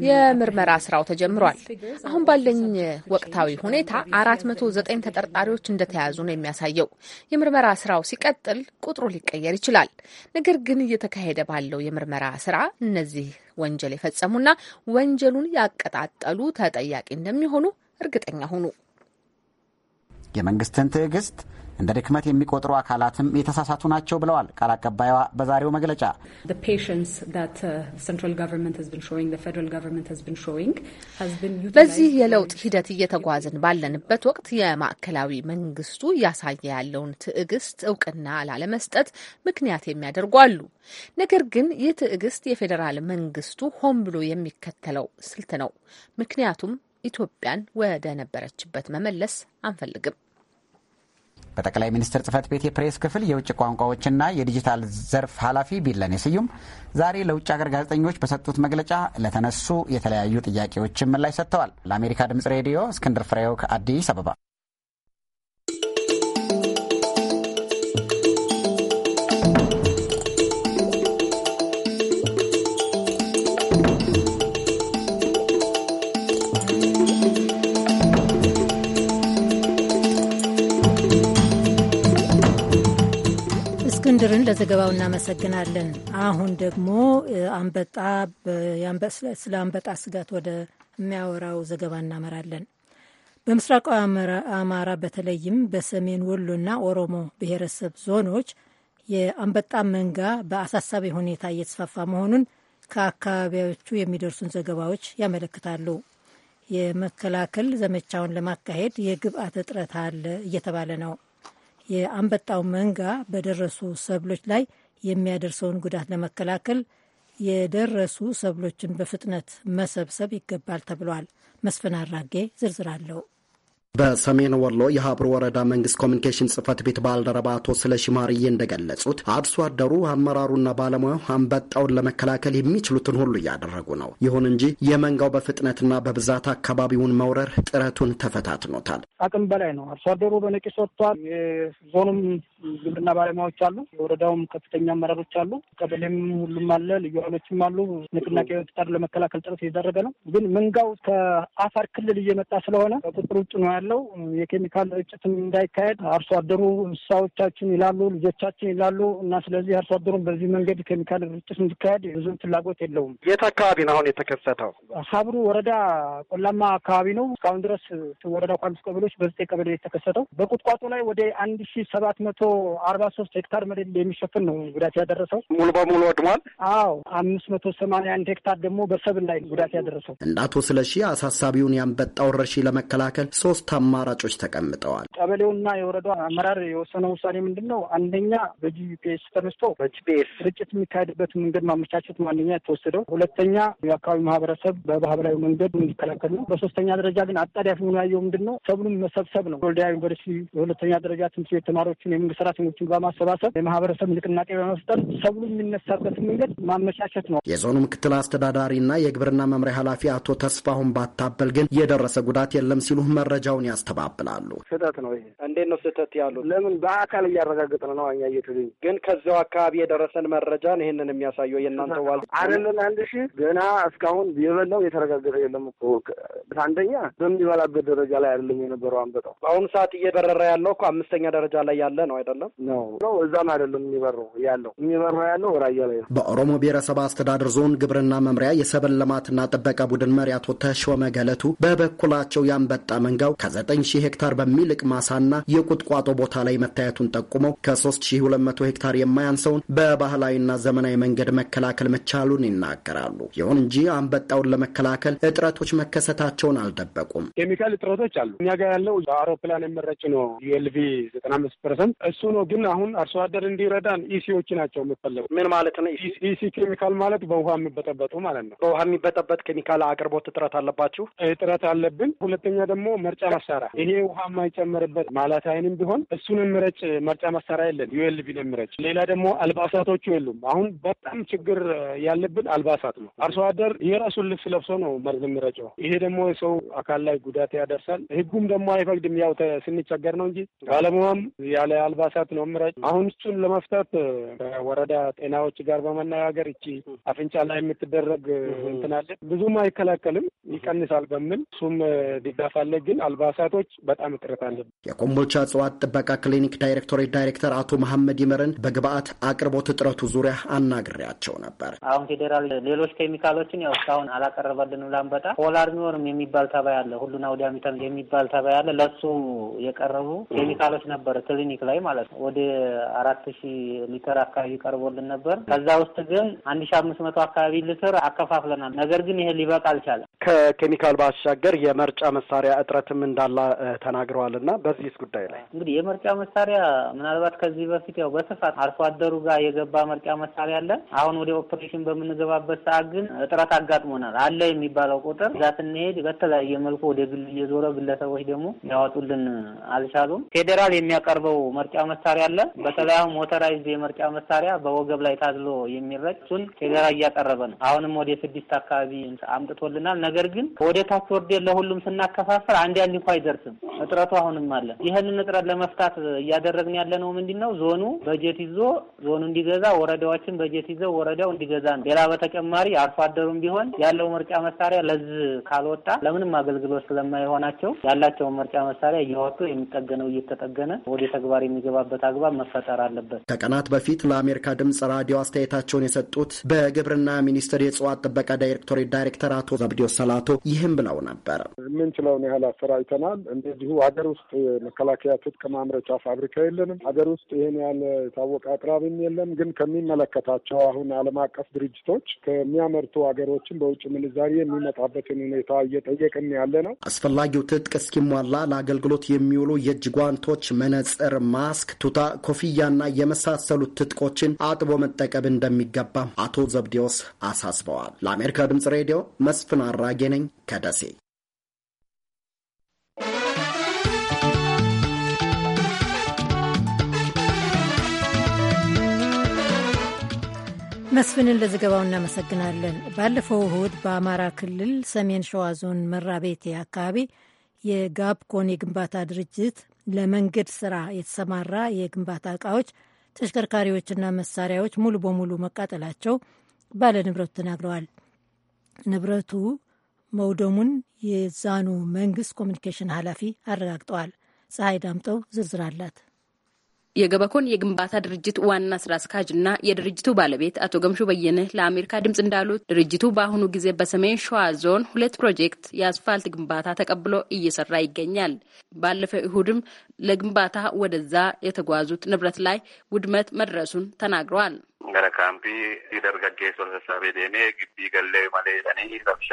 የምርመራ ስራው ተጀምሯል። አሁን ባለኝ ወቅታዊ ሁኔታ አራት መቶ ዘጠኝ ተጠርጣሪዎች እንደተያዙ ነው የሚያሳየው። የምርመራ ስራው ሲቀጥል ቁጥሩ ሊቀየር ይችላል። ነገር ግን እየተካሄደ ባለው የምርመራ ስራ እነዚህ ወንጀል የፈጸሙና ወንጀሉን ያቀጣጠሉ ተጠያቂ እንደሚሆኑ እርግጠኛ ሁኑ። የመንግስትን ትዕግስት እንደ ድክመት የሚቆጥሩ አካላትም የተሳሳቱ ናቸው ብለዋል ቃል አቀባይዋ በዛሬው መግለጫ። uh, በዚህ የለውጥ ሂደት እየተጓዝን ባለንበት ወቅት የማዕከላዊ መንግስቱ እያሳየ ያለውን ትዕግስት እውቅና ላለመስጠት ምክንያት የሚያደርጉ አሉ። ነገር ግን ይህ ትዕግስት የፌዴራል መንግስቱ ሆን ብሎ የሚከተለው ስልት ነው። ምክንያቱም ኢትዮጵያን ወደ ነበረችበት መመለስ አንፈልግም። በጠቅላይ ሚኒስትር ጽህፈት ቤት የፕሬስ ክፍል የውጭ ቋንቋዎችና የዲጂታል ዘርፍ ኃላፊ ቢለኔ ስዩም ዛሬ ለውጭ ሀገር ጋዜጠኞች በሰጡት መግለጫ ለተነሱ የተለያዩ ጥያቄዎችን ምላሽ ሰጥተዋል። ለአሜሪካ ድምጽ ሬዲዮ እስክንድር ፍሬው ከአዲስ አበባ ለዘገባው እናመሰግናለን። አሁን ደግሞ አንበጣ ስለ አንበጣ ስጋት ወደ የሚያወራው ዘገባ እናመራለን። በምስራቃዊ አማራ በተለይም በሰሜን ወሎና ኦሮሞ ብሔረሰብ ዞኖች የአንበጣ መንጋ በአሳሳቢ ሁኔታ እየተስፋፋ መሆኑን ከአካባቢዎቹ የሚደርሱን ዘገባዎች ያመለክታሉ። የመከላከል ዘመቻውን ለማካሄድ የግብአት እጥረት አለ እየተባለ ነው። የአንበጣው መንጋ በደረሱ ሰብሎች ላይ የሚያደርሰውን ጉዳት ለመከላከል የደረሱ ሰብሎችን በፍጥነት መሰብሰብ ይገባል ተብሏል። መስፍን አራጌ ዝርዝር አለው። በሰሜን ወሎ የሀብሩ ወረዳ መንግስት ኮሚኒኬሽን ጽህፈት ቤት ባልደረባ አቶ ስለሺ ማርዬ እንደገለጹት አርሶ አደሩ አመራሩና ባለሙያው አንበጣውን ለመከላከል የሚችሉትን ሁሉ እያደረጉ ነው። ይሁን እንጂ የመንጋው በፍጥነትና በብዛት አካባቢውን መውረር ጥረቱን ተፈታትኖታል። አቅም በላይ ነው። አርሶ አደሩ በነቂስ ወጥቷል። የዞኑም ግብርና ባለሙያዎች አሉ፣ የወረዳውም ከፍተኛ አመራሮች አሉ፣ ቀበሌም ሁሉም አለ፣ ልዩ ኃይሎችም አሉ። ንቅናቄ ወጥጣር ለመከላከል ጥረት እየደረገ ነው። ግን መንጋው ከአፋር ክልል እየመጣ ስለሆነ ከቁጥር ውጭ ነው ያለው። የኬሚካል ርጭትም እንዳይካሄድ አርሶ አደሩ እንስሳዎቻችን ይላሉ፣ ልጆቻችን ይላሉ እና ስለዚህ አርሶ አደሩን በዚህ መንገድ ኬሚካል ርጭት እንዲካሄድ ብዙም ፍላጎት የለውም። የት አካባቢ ነው አሁን የተከሰተው? ሀብሩ ወረዳ ቆላማ አካባቢ ነው። እስካሁን ድረስ ወረዳ ከአምስት ቀበሌዎች በዘጠኝ ቀበሌ የተከሰተው በቁጥቋጦ ላይ ወደ አንድ ሺ ሰባት መቶ አርባ ሶስት ሄክታር መሬት የሚሸፍን ነው ጉዳት ያደረሰው። ሙሉ በሙሉ ወድሟል። አዎ አምስት መቶ ሰማንያ አንድ ሄክታር ደግሞ በሰብል ላይ ጉዳት ያደረሰው። እንደ አቶ ስለሺ አሳሳቢውን ያንበጣ ወረርሽኝ ለመከላከል ሶስት አማራጮች ተቀምጠዋል። ቀበሌውና የወረዳ አመራር የወሰነ ውሳኔ ምንድን ነው? አንደኛ በጂፒኤስ ተነስቶ በጂፒኤስ ስርጭት የሚካሄድበት መንገድ ማመቻቸት ማንኛ የተወሰደው፣ ሁለተኛ የአካባቢ ማህበረሰብ በባህላዊ መንገድ እንዲከላከል ነው። በሶስተኛ ደረጃ ግን አጣዳፊ ሆኖ ያየው ምንድን ነው? ሰብሉን መሰብሰብ ነው። ወልዲያ ዩኒቨርሲቲ የሁለተኛ ደረጃ ትምህርት ቤት ተማሪዎችን፣ የመንግስት ሰራተኞችን በማሰባሰብ የማህበረሰብ ንቅናቄ በመፍጠር ሰብሉ የሚነሳበት መንገድ ማመቻቸት ነው። የዞኑ ምክትል አስተዳዳሪና የግብርና መምሪያ ኃላፊ አቶ ተስፋሁን ባታበል ግን የደረሰ ጉዳት የለም ሲሉ መረጃ ሁኔታውን ያስተባብላሉ። ስህተት ነው ይሄ። እንዴት ነው ስህተት ያሉት? ለምን በአካል እያረጋገጥን ነው እኛ እየትልኝ ግን ከዚያው አካባቢ የደረሰን መረጃን ይህንን የሚያሳየው የእናንተ ዋል አይደለን አንድ ሺ ገና እስካሁን የበላው የተረጋገጠ የለም እኮ አንደኛ በሚበላበት ደረጃ ላይ አይደለም የነበረው አንበጣው። በአሁኑ ሰዓት እየበረረ ያለው እኮ አምስተኛ ደረጃ ላይ ያለ ነው አይደለም ነው ነው እዛም አይደለም የሚበረው ያለው የሚበረው ያለው ራያ ላይ ነው። በኦሮሞ ብሔረሰብ አስተዳደር ዞን ግብርና መምሪያ የሰብል ልማትና ጥበቃ ቡድን መሪ አቶ ተሾመ ገለቱ በበኩላቸው ያንበጣ መንጋው ከ ከ ሺህ ሄክታር በሚልቅ ማሳና የቁጥቋጦ ቦታ ላይ መታየቱን ጠቁመው ከ3200 ሄክታር የማያንሰውን በባህላዊና ዘመናዊ መንገድ መከላከል መቻሉን ይናገራሉ። ይሁን እንጂ አንበጣውን ለመከላከል እጥረቶች መከሰታቸውን አልደበቁም። ኬሚካል እጥረቶች አሉ። እኛ ጋር ያለው በአውሮፕላን የመረጭ ነው ዩኤልቪ 95 ፐርሰንት እሱ ነው። ግን አሁን አርሶ አደር እንዲረዳን ኢሲዎች ናቸው የምፈለጉ። ምን ማለት ነው ኢሲ ኬሚካል ማለት? በውሃ የሚበጠበጡ ማለት ነው። በውሃ የሚበጠበጥ ኬሚካል አቅርቦት እጥረት አለባችሁ? እጥረት አለብን። ሁለተኛ ደግሞ መርጫ መሳሪያ ይሄ ውሃ የማይጨመርበት ማለት አይንም ቢሆን እሱን ምረጭ መርጫ መሳሪያ ዩኤልቢ ነው ምረጭ። ሌላ ደግሞ አልባሳቶቹ የሉም። አሁን በጣም ችግር ያለብን አልባሳት ነው። አርሶ አደር የራሱን ልብስ ለብሶ ነው መርዝ ምረጨው። ይሄ ደግሞ ሰው አካል ላይ ጉዳት ያደርሳል። ህጉም ደግሞ አይፈቅድም። ያው ስንቸገር ነው እንጂ ባለሙያም ያለ አልባሳት ነው ምረጭ። አሁን እሱን ለመፍታት ከወረዳ ጤናዎች ጋር በመነጋገር እቺ አፍንጫ ላይ የምትደረግ እንትናለን ብዙም አይከላከልም ይቀንሳል በምል እሱም ድጋፍ አለ ግን አልባ ህዋሳቶች በጣም እጥረት አለ። የኮምቦልቻ እጽዋት ጥበቃ ክሊኒክ ዳይሬክቶሬት ዳይሬክተር አቶ መሐመድ ይመርን በግብአት አቅርቦት እጥረቱ ዙሪያ አናግሬያቸው ነበር። አሁን ፌዴራል ሌሎች ኬሚካሎችን ያው እስካሁን አላቀረበልንም። ላንበጣ ፖላርሚወርም የሚባል ተባይ አለ፣ ሁሉን አውዳሚተም የሚባል ተባይ አለ። ለሱ የቀረቡ ኬሚካሎች ነበር ክሊኒክ ላይ ማለት ነው። ወደ አራት ሺ ሊትር አካባቢ ቀርቦልን ነበር። ከዛ ውስጥ ግን አንድ ሺ አምስት መቶ አካባቢ ሊትር አከፋፍለናል። ነገር ግን ይሄ ሊበቃ አልቻለም። ከኬሚካል ባሻገር የመርጫ መሳሪያ እጥረትም እንዳ እንዳላ ተናግረዋል። እና በዚህስ ጉዳይ ላይ እንግዲህ የምርጫ መሳሪያ ምናልባት ከዚህ በፊት ያው በስፋት አርሶ አደሩ ጋር የገባ መርጫ መሳሪያ አለ። አሁን ወደ ኦፕሬሽን በምንገባበት ሰዓት ግን እጥረት አጋጥሞናል። አለ የሚባለው ቁጥር እዛ ስንሄድ በተለያየ መልኩ ወደ ግል እየዞረ ግለሰቦች ደግሞ ያወጡልን አልቻሉም። ፌዴራል የሚያቀርበው መርጫ መሳሪያ አለ። በተለይ አሁን ሞተራይዝ የመርጫ መሳሪያ በወገብ ላይ ታዝሎ የሚረጭ እሱን ፌዴራል እያቀረበ ነው። አሁንም ወደ ስድስት አካባቢ አምጥቶልናል። ነገር ግን ወደ ታች ለሁሉም ስናከፋፈል አንድ አንድ እንኳ አይደርስም። እጥረቱ አሁንም አለ። ይህንን እጥረት ለመፍታት እያደረግን ያለ ነው ምንድን ነው ዞኑ በጀት ይዞ ዞኑ እንዲገዛ፣ ወረዳዎችን በጀት ይዘው ወረዳው እንዲገዛ ነው። ሌላ በተጨማሪ አርሶ አደሩም ቢሆን ያለው ምርጫ መሳሪያ ለዚህ ካልወጣ ለምንም አገልግሎት ስለማይሆናቸው ያላቸውን ምርጫ መሳሪያ እያወጡ የሚጠገነው እየተጠገነ ወደ ተግባር የሚገባበት አግባብ መፈጠር አለበት። ከቀናት በፊት ለአሜሪካ ድምጽ ራዲዮ አስተያየታቸውን የሰጡት በግብርና ሚኒስቴር የእጽዋት ጥበቃ ዳይሬክቶሬት ዳይሬክተር አቶ ዘብዲዮ ሰላቶ ይህም ብለው ነበር። የምንችለውን ያህል አሰራጭ ሰርተናል። እንደዚሁ ሀገር ውስጥ መከላከያ ትጥቅ ማምረቻ ፋብሪካ የለንም። ሀገር ውስጥ ይህን ያለ የታወቀ አቅራቢም የለም። ግን ከሚመለከታቸው አሁን ዓለም አቀፍ ድርጅቶች ከሚያመርቱ ሀገሮችን በውጭ ምንዛሪ የሚመጣበትን ሁኔታ እየጠየቅን ያለ ነው። አስፈላጊው ትጥቅ እስኪሟላ ለአገልግሎት የሚውሉ የእጅ ጓንቶች፣ መነጽር፣ ማስክ፣ ቱታ፣ ኮፍያና የመሳሰሉት ትጥቆችን አጥቦ መጠቀም እንደሚገባ አቶ ዘብዲዎስ አሳስበዋል። ለአሜሪካ ድምጽ ሬዲዮ መስፍን አራጌ ነኝ ከደሴ። መስፍንን ለዘገባው እናመሰግናለን። ባለፈው እሁድ በአማራ ክልል ሰሜን ሸዋ ዞን መራቤቴ አካባቢ የጋብኮን የግንባታ ድርጅት ለመንገድ ስራ የተሰማራ የግንባታ እቃዎች፣ ተሽከርካሪዎችና መሳሪያዎች ሙሉ በሙሉ መቃጠላቸው ባለ ንብረቱ ተናግረዋል። ንብረቱ መውደሙን የዛኑ መንግስት ኮሚኒኬሽን ኃላፊ አረጋግጠዋል። ፀሐይ ዳምጠው ዝርዝር አላት። የገበኮን የግንባታ ድርጅት ዋና ስራ አስኪያጅ እና የድርጅቱ ባለቤት አቶ ገምሹ በየነ ለአሜሪካ ድምፅ እንዳሉት ድርጅቱ በአሁኑ ጊዜ በሰሜን ሸዋ ዞን ሁለት ፕሮጀክት የአስፋልት ግንባታ ተቀብሎ እየሰራ ይገኛል። ባለፈው እሁድም ለግንባታ ወደዛ የተጓዙት ንብረት ላይ ውድመት መድረሱን ተናግረዋል። gara ካምፒ ደርገጌ sassaabee deemee gibbii gallee malee jedhanii ጠኔ ረብሻ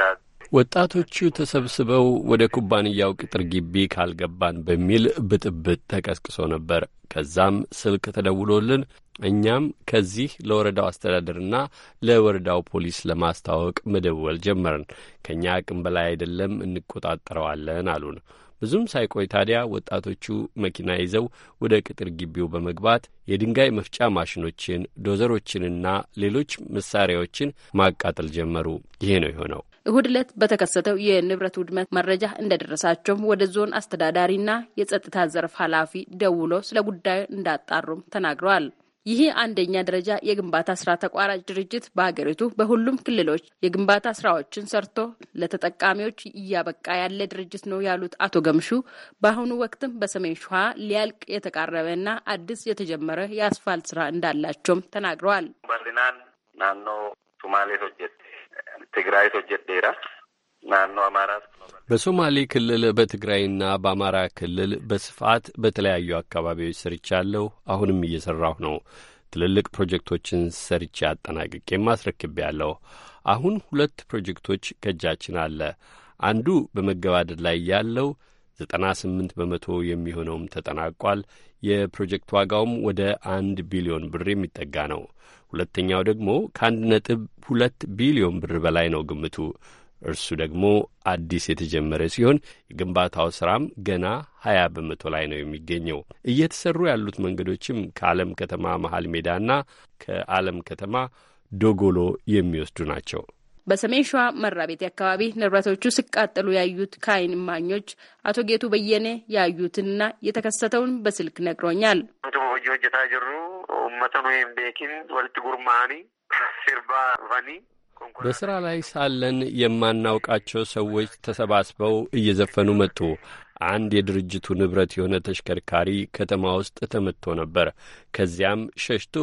ወጣቶቹ ተሰብስበው ወደ ኩባንያው ቅጥር ግቢ ካልገባን በሚል ብጥብጥ ተቀስቅሶ ነበር። ከዛም ስልክ ተደውሎልን እኛም ከዚህ ለወረዳው አስተዳደርና ለወረዳው ፖሊስ ለማስታወቅ መደወል ጀመርን። ከእኛ አቅም በላይ አይደለም፣ እንቆጣጠረዋለን አሉን። ብዙም ሳይቆይ ታዲያ ወጣቶቹ መኪና ይዘው ወደ ቅጥር ግቢው በመግባት የድንጋይ መፍጫ ማሽኖችን፣ ዶዘሮችንና ሌሎች መሳሪያዎችን ማቃጠል ጀመሩ። ይሄ ነው የሆነው። እሁድ ዕለት በተከሰተው የንብረት ውድመት መረጃ እንደደረሳቸውም ወደ ዞን አስተዳዳሪና የጸጥታ ዘርፍ ኃላፊ ደውሎ ስለ ጉዳዩ እንዳጣሩም ተናግረዋል። ይህ አንደኛ ደረጃ የግንባታ ስራ ተቋራጭ ድርጅት በሀገሪቱ በሁሉም ክልሎች የግንባታ ስራዎችን ሰርቶ ለተጠቃሚዎች እያበቃ ያለ ድርጅት ነው ያሉት አቶ ገምሹ በአሁኑ ወቅትም በሰሜን ሸዋ ሊያልቅ የተቃረበና አዲስ የተጀመረ የአስፋልት ስራ እንዳላቸውም ተናግረዋል። ናኖ ሱማሌ ትግራይ ዴራ ናኖ አማራ በሶማሌ ክልል በትግራይና በአማራ ክልል በስፋት በተለያዩ አካባቢዎች ሰርቻለሁ። አሁንም እየሰራሁ ነው። ትልልቅ ፕሮጀክቶችን ሰርቼ ማስረክቤ አስረክቤያለሁ። አሁን ሁለት ፕሮጀክቶች ከእጃችን አለ። አንዱ በመገባደድ ላይ ያለው ዘጠና ስምንት በመቶ የሚሆነውም ተጠናቋል። የፕሮጀክት ዋጋውም ወደ አንድ ቢሊዮን ብር የሚጠጋ ነው። ሁለተኛው ደግሞ ከአንድ ነጥብ ሁለት ቢሊዮን ብር በላይ ነው ግምቱ። እርሱ ደግሞ አዲስ የተጀመረ ሲሆን የግንባታው ስራም ገና ሀያ በመቶ ላይ ነው የሚገኘው። እየተሰሩ ያሉት መንገዶችም ከዓለም ከተማ መሀል ሜዳና ከዓለም ከተማ ዶጎሎ የሚወስዱ ናቸው። በሰሜን ሸዋ መራቤቴ አካባቢ ንብረቶቹ ሲቃጠሉ ያዩት ከዓይን እማኞች አቶ ጌቱ በየኔ ያዩትንና የተከሰተውን በስልክ ነግሮኛል። ሆጀታ ጅሩ መተኖ ቤኪን ወልት ጉርማኒ ሲርባ ቫኒ በሥራ ላይ ሳለን የማናውቃቸው ሰዎች ተሰባስበው እየዘፈኑ መጡ። አንድ የድርጅቱ ንብረት የሆነ ተሽከርካሪ ከተማ ውስጥ ተመትቶ ነበር። ከዚያም ሸሽቶ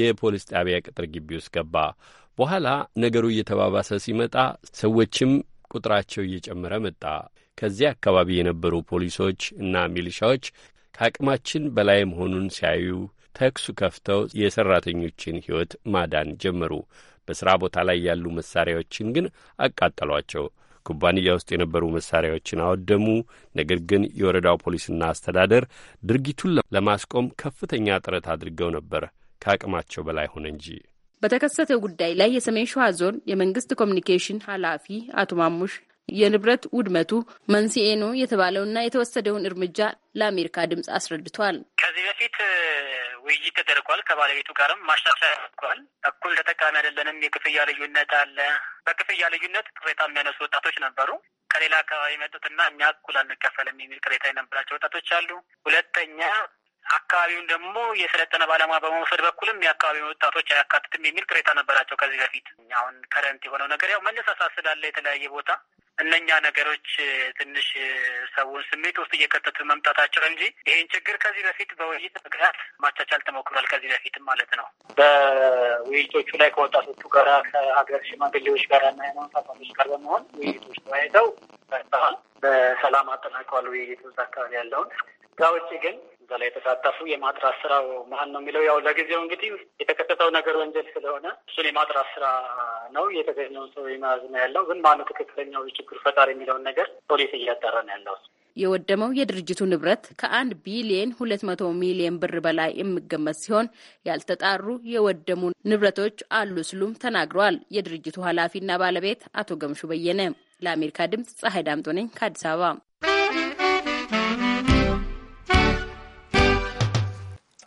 የፖሊስ ጣቢያ ቅጥር ግቢ ውስጥ ገባ። በኋላ ነገሩ እየተባባሰ ሲመጣ ሰዎችም ቁጥራቸው እየጨመረ መጣ። ከዚያ አካባቢ የነበሩ ፖሊሶች እና ሚሊሻዎች ከአቅማችን በላይ መሆኑን ሲያዩ ተኩሱ ከፍተው የሠራተኞችን ሕይወት ማዳን ጀመሩ። በሥራ ቦታ ላይ ያሉ መሳሪያዎችን ግን አቃጠሏቸው። ኩባንያ ውስጥ የነበሩ መሳሪያዎችን አወደሙ። ነገር ግን የወረዳው ፖሊስና አስተዳደር ድርጊቱን ለማስቆም ከፍተኛ ጥረት አድርገው ነበር፣ ከአቅማቸው በላይ ሆነ እንጂ። በተከሰተው ጉዳይ ላይ የሰሜን ሸዋ ዞን የመንግስት ኮሚኒኬሽን ኃላፊ አቶ ማሙሽ የንብረት ውድመቱ መንስኤ ነው የተባለውና የተወሰደውን እርምጃ ለአሜሪካ ድምፅ አስረድቷል። ከዚህ በፊት ውይይት ተደርጓል። ከባለቤቱ ጋርም ማሻሻያ ተደርጓል። ተጠቃሚ አይደለንም፣ የክፍያ ልዩነት አለ። በክፍያ ልዩነት ቅሬታ የሚያነሱ ወጣቶች ነበሩ። ከሌላ አካባቢ መጡትና እኛ እኩል አንከፈልም የሚል ቅሬታ የነበራቸው ወጣቶች አሉ። ሁለተኛ አካባቢውን ደግሞ የሰለጠነ ባለሙያ በመውሰድ በኩልም የአካባቢውን ወጣቶች አያካትትም የሚል ቅሬታ ነበራቸው። ከዚህ በፊት አሁን ከረንት የሆነው ነገር ያው መነሳሳት ስላለ የተለያየ ቦታ እነኛ ነገሮች ትንሽ ሰውን ስሜት ውስጥ እየከተቱ መምጣታቸው እንጂ ይህን ችግር ከዚህ በፊት በውይይት ምክንያት ማቻቻል ተሞክሯል። ከዚህ በፊትም ማለት ነው። በውይይቶቹ ላይ ከወጣቶቹ ጋራ፣ ከሀገር ሽማግሌዎች ጋር እና ሃይማኖት አባቶች ጋር በመሆን ውይይቶች ተወያይተው በሰላም አጠናቀዋል። ውይይቱ እዛ አካባቢ ያለውን እዛ ውጭ ግን በላይ ላይ የተሳተፉ የማጥራት ስራው መሀል ነው የሚለው ያው ለጊዜው እንግዲህ የተከሰተው ነገር ወንጀል ስለሆነ እሱን የማጥራት ስራ ነው የተገኘውን ሰው የመያዝ ነው ያለው። ግን ማነው ትክክለኛው የችግሩ ፈጣሪ የሚለውን ነገር ፖሊስ እያጠራ ነው ያለው። የወደመው የድርጅቱ ንብረት ከአንድ ቢሊየን ሁለት መቶ ሚሊየን ብር በላይ የሚገመት ሲሆን ያልተጣሩ የወደሙ ንብረቶች አሉ ሲሉም ተናግረዋል የድርጅቱ ኃላፊና ባለቤት አቶ ገምሹ በየነ። ለአሜሪካ ድምፅ ፀሐይ ዳምጦ ነኝ ከአዲስ አበባ።